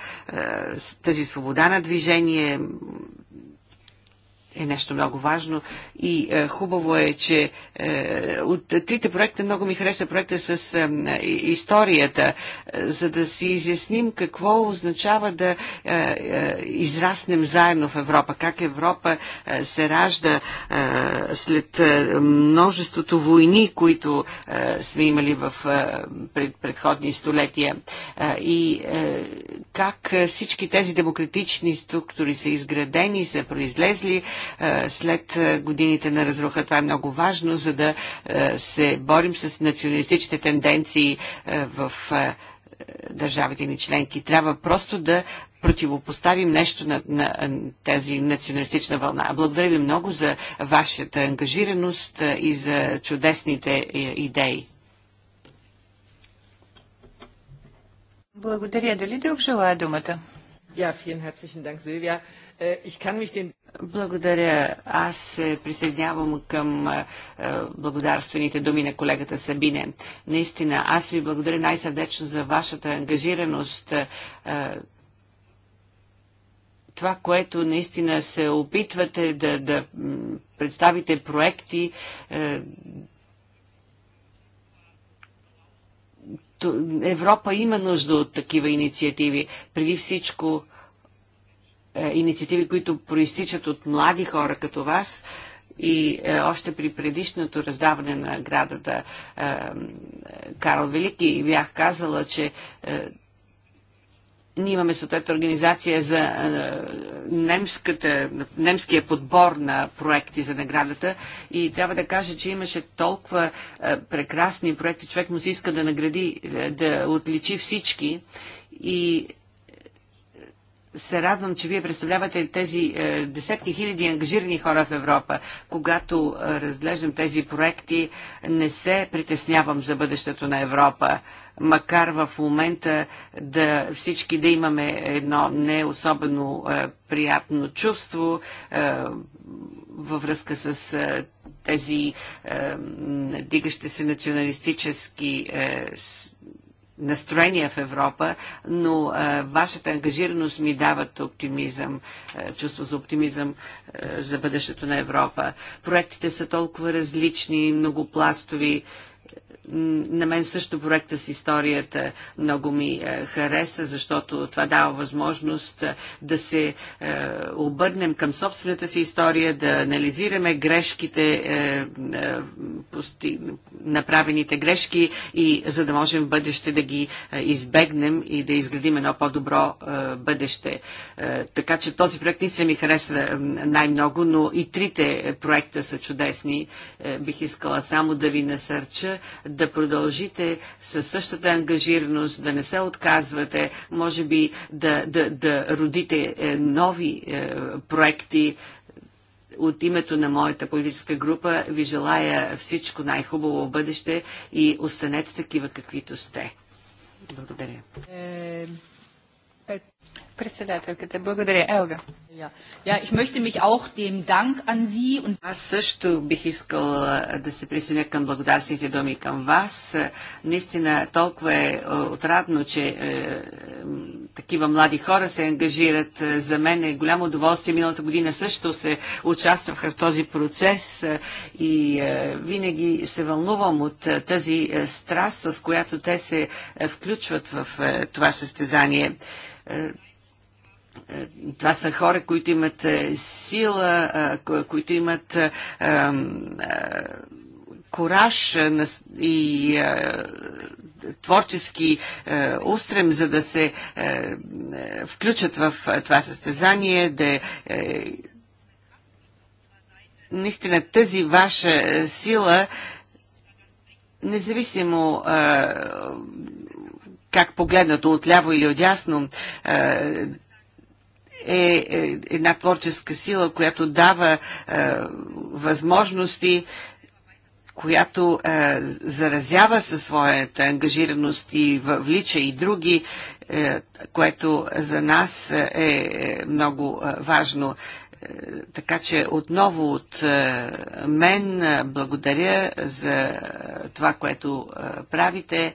тази свобода на движение, е нещо много важно и е, хубаво е, че е, от трите проекта много ми хареса проекта с е, историята, е, за да си изясним какво означава да е, е, израснем заедно в Европа, как Европа е, се ражда е, след е, множеството войни, които е, сме имали в е, пред, предходни столетия е, и е, как е, всички тези демократични структури са изградени, са произлезли, е, след е, годините на разруха. Това е много важно, за да е, се борим с националистичните тенденции в държавите ни членки. Трябва просто да противопоставим нещо на, на, на тази националистична вълна. Благодаря ви много за вашата ангажираност и за чудесните идеи. Благодаря. Дали друг желая думата? Ja, vielen herzlichen Dank, Silvia. Äh, ich kann mich den благодаря. Аз се присъединявам към е, е, благодарствените думи на колегата Сабине. Наистина, аз ви благодаря най-сърдечно за вашата ангажираност. Е, това, което наистина се опитвате да, да представите проекти, Европа има нужда от такива инициативи. Преди всичко е, инициативи, които проистичат от млади хора като вас и е, още при предишното раздаване на градата е, Карл Велики бях казала, че е, ние имаме съответна организация за е, немската, немския подбор на проекти за наградата и трябва да кажа, че имаше толкова е, прекрасни проекти. Човек му се иска да награди, е, да отличи всички и се радвам, че вие представлявате тези е, десетки хиляди ангажирани хора в Европа. Когато е, разглеждам тези проекти, не се притеснявам за бъдещето на Европа. Макар в момента да всички да имаме едно не особено е, приятно чувство е, във връзка с е, тези е, дигащи се националистически е, настроения в Европа, но а, вашата ангажираност ми дават оптимизъм, а, чувство за оптимизъм а, за бъдещето на Европа. Проектите са толкова различни, многопластови. А, на мен също проекта с историята много ми е, хареса, защото това дава възможност е, да се е, обърнем към собствената си история, да анализираме грешките, направените грешки и за да можем в бъдеще да ги избегнем и да изградим едно по-добро бъдеще. Така че този проект наистина ми хареса най-много, но и трите проекта са чудесни. Бих искала само да ви насърча да продължите със същата ангажираност, да не се отказвате, може би да, да, да родите е, нови е, проекти. От името на моята политическа група ви желая всичко най-хубаво в бъдеще и останете такива каквито сте. Благодаря. Е, Председателката, благодаря. Елга. Аз също бих искал да се присъединя към благодарствените думи към вас. Наистина толкова е, е отрадно, че е, такива млади хора се ангажират. Е, за мен е голямо удоволствие. Миналата година също се участваха в този процес е, и е, винаги се вълнувам от тази страст, с която те се включват в е, това състезание е, това са хора, които имат е, сила, е, които имат кораж и творчески устрем, за да се включат в това състезание, да наистина тази ваша сила, независимо как погледнато отляво или отясно, е, е, е една творческа сила, която дава е, възможности, която е, заразява със своята ангажираност и влича и други, е, което за нас е, е много е, важно. Така че отново от мен благодаря за това, което правите.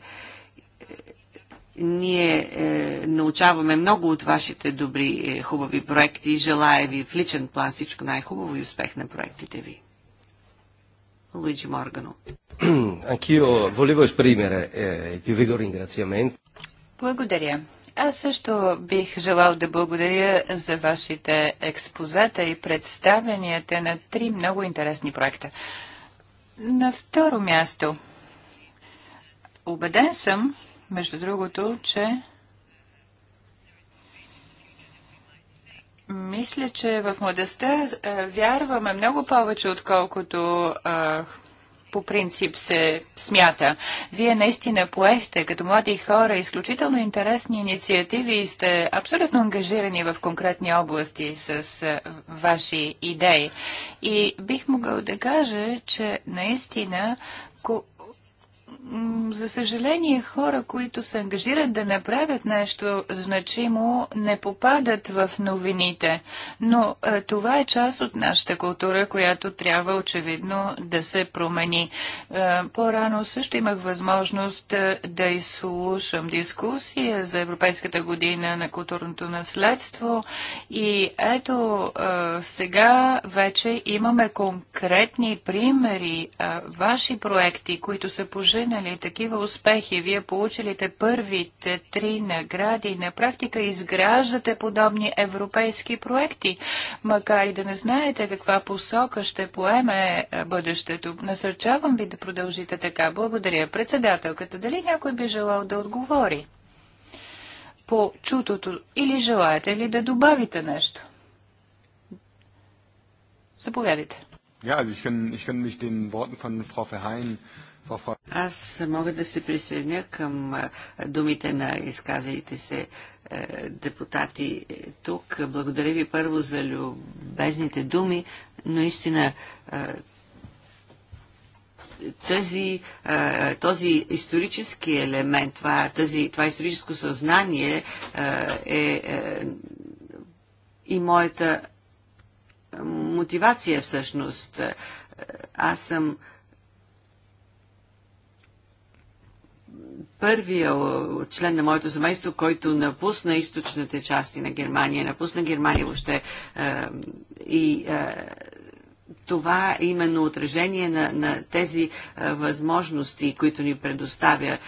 Ние е, научаваме много от вашите добри, е, хубави проекти. Желая ви в личен план всичко най-хубаво и успех на проектите ви. Луиджи Моргано. Anch'io volevo esprimere eh, il più Благодаря. Аз също бих желал да благодаря за вашите експозата и представенията на три много интересни проекта. На второ място, убеден съм, между другото, че мисля, че в младостта вярваме много повече, отколкото а, по принцип се смята. Вие наистина поехте като млади хора изключително интересни инициативи и сте абсолютно ангажирани в конкретни области с ваши идеи. И бих могъл да кажа, че наистина за съжаление, хора, които се ангажират да направят нещо значимо, не попадат в новините. Но е, това е част от нашата култура, която трябва очевидно да се промени. Е, по-рано също имах възможност е, да изслушам дискусия за Европейската година на културното наследство. И ето, е, сега вече имаме конкретни примери, е, ваши проекти, които са пожелани постигнали такива успехи, вие получилите първите три награди, на практика изграждате подобни европейски проекти, макар и да не знаете каква посока ще поеме е, бъдещето. Насърчавам ви да продължите така. Благодаря. Председателката, дали някой би желал да отговори по чутото или желаете ли да добавите нещо? Заповядайте. Ja, also ich kann, ich kann mich den Worten von Frau Verheyen аз мога да се присъединя към думите на изказалите се е, депутати е, тук. Благодаря ви първо за любезните думи, но истина тази, този исторически елемент, това, тази, това историческо съзнание е, е и моята мотивация всъщност. Аз съм първия член на моето семейство, който напусна източните части на Германия, напусна Германия въобще и това е именно отражение на, на тези възможности, които ни предоставя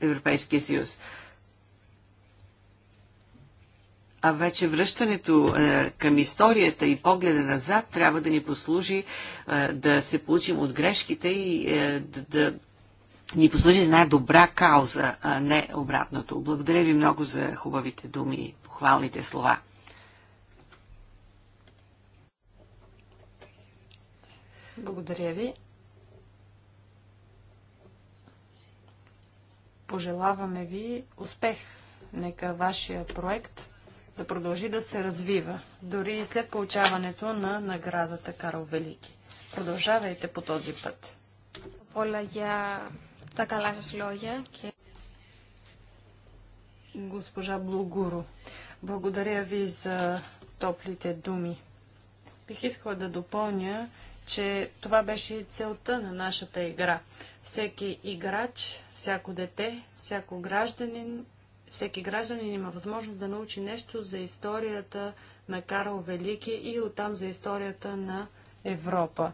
Европейския съюз. А вече връщането е, към историята и погледа назад трябва да ни послужи е, да се получим от грешките и е, да, да ни послужи за една добра кауза, а не обратното. Благодаря ви много за хубавите думи, и похвалните слова. Благодаря ви. Пожелаваме ви успех. Нека вашия проект да продължи да се развива, дори и след получаването на наградата Карл Велики. Продължавайте по този път. Оля, я τα καλά σας λόγια. Και... Госпожа Блогуру, благодаря ви за топлите думи. Бих искала да допълня, че това беше и целта на нашата игра. Всеки играч, всяко дете, всяко гражданин, всеки гражданин има възможност да научи нещо за историята на Карл Велики и оттам за историята на Европа.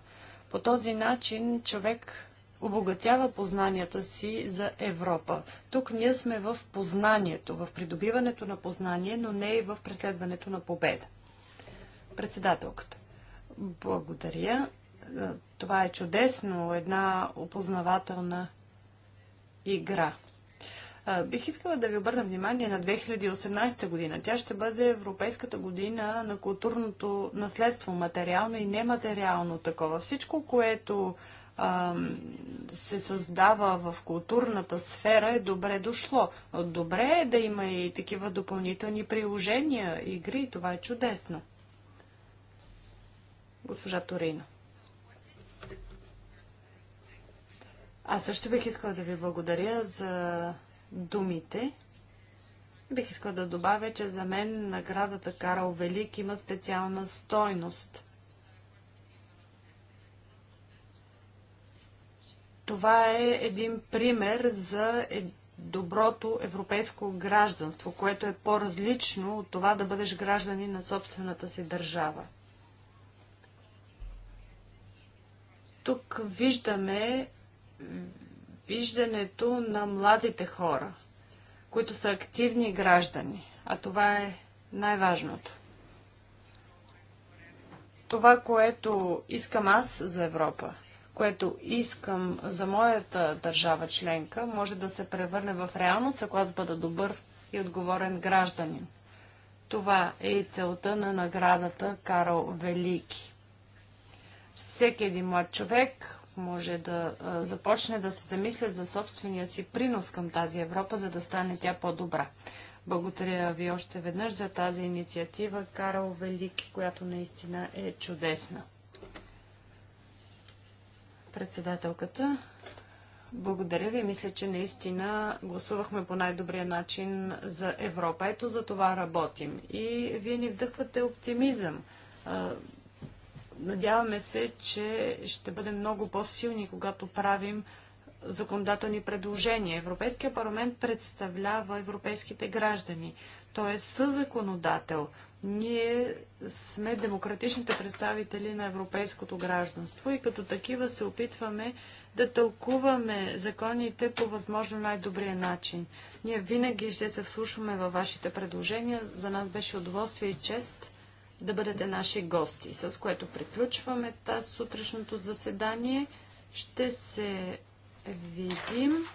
По този начин човек обогатява познанията си за Европа. Тук ние сме в познанието, в придобиването на познание, но не и в преследването на победа. Председателката. Благодаря. Е, това е чудесно, една опознавателна игра. Е, бих искала да ви обърна внимание на 2018 година. Тя ще бъде Европейската година на културното наследство, материално и нематериално такова. Всичко, което се създава в културната сфера е добре дошло. Добре е да има и такива допълнителни приложения, игри, това е чудесно. Госпожа Торина. Аз също бих искала да ви благодаря за думите. Бих искала да добавя, че за мен наградата Карл Велик има специална стойност – Това е един пример за е, доброто европейско гражданство, което е по-различно от това да бъдеш граждани на собствената си държава. Тук виждаме виждането на младите хора, които са активни граждани, а това е най-важното. Това, което искам аз за Европа – което искам за моята държава членка, може да се превърне в реалност, ако аз бъда добър и отговорен гражданин. Това е и целта на наградата Карл Велики. Всеки един млад човек може да а, започне да се замисля за собствения си принос към тази Европа, за да стане тя по-добра. Благодаря ви още веднъж за тази инициатива, Карл Велики, която наистина е чудесна. Председателката, благодаря ви. Мисля, че наистина гласувахме по най-добрия начин за Европа. Ето за това работим. И вие ни вдъхвате оптимизъм. Надяваме се, че ще бъдем много по-силни, когато правим законодателни предложения. Европейския парламент представлява европейските граждани. Той е съзаконодател. Ние сме демократичните представители на европейското гражданство и като такива се опитваме да тълкуваме законите по възможно най-добрия начин. Ние винаги ще се вслушваме във вашите предложения. За нас беше удоволствие и чест да бъдете наши гости, с което приключваме тази сутрешното заседание. Ще се видим.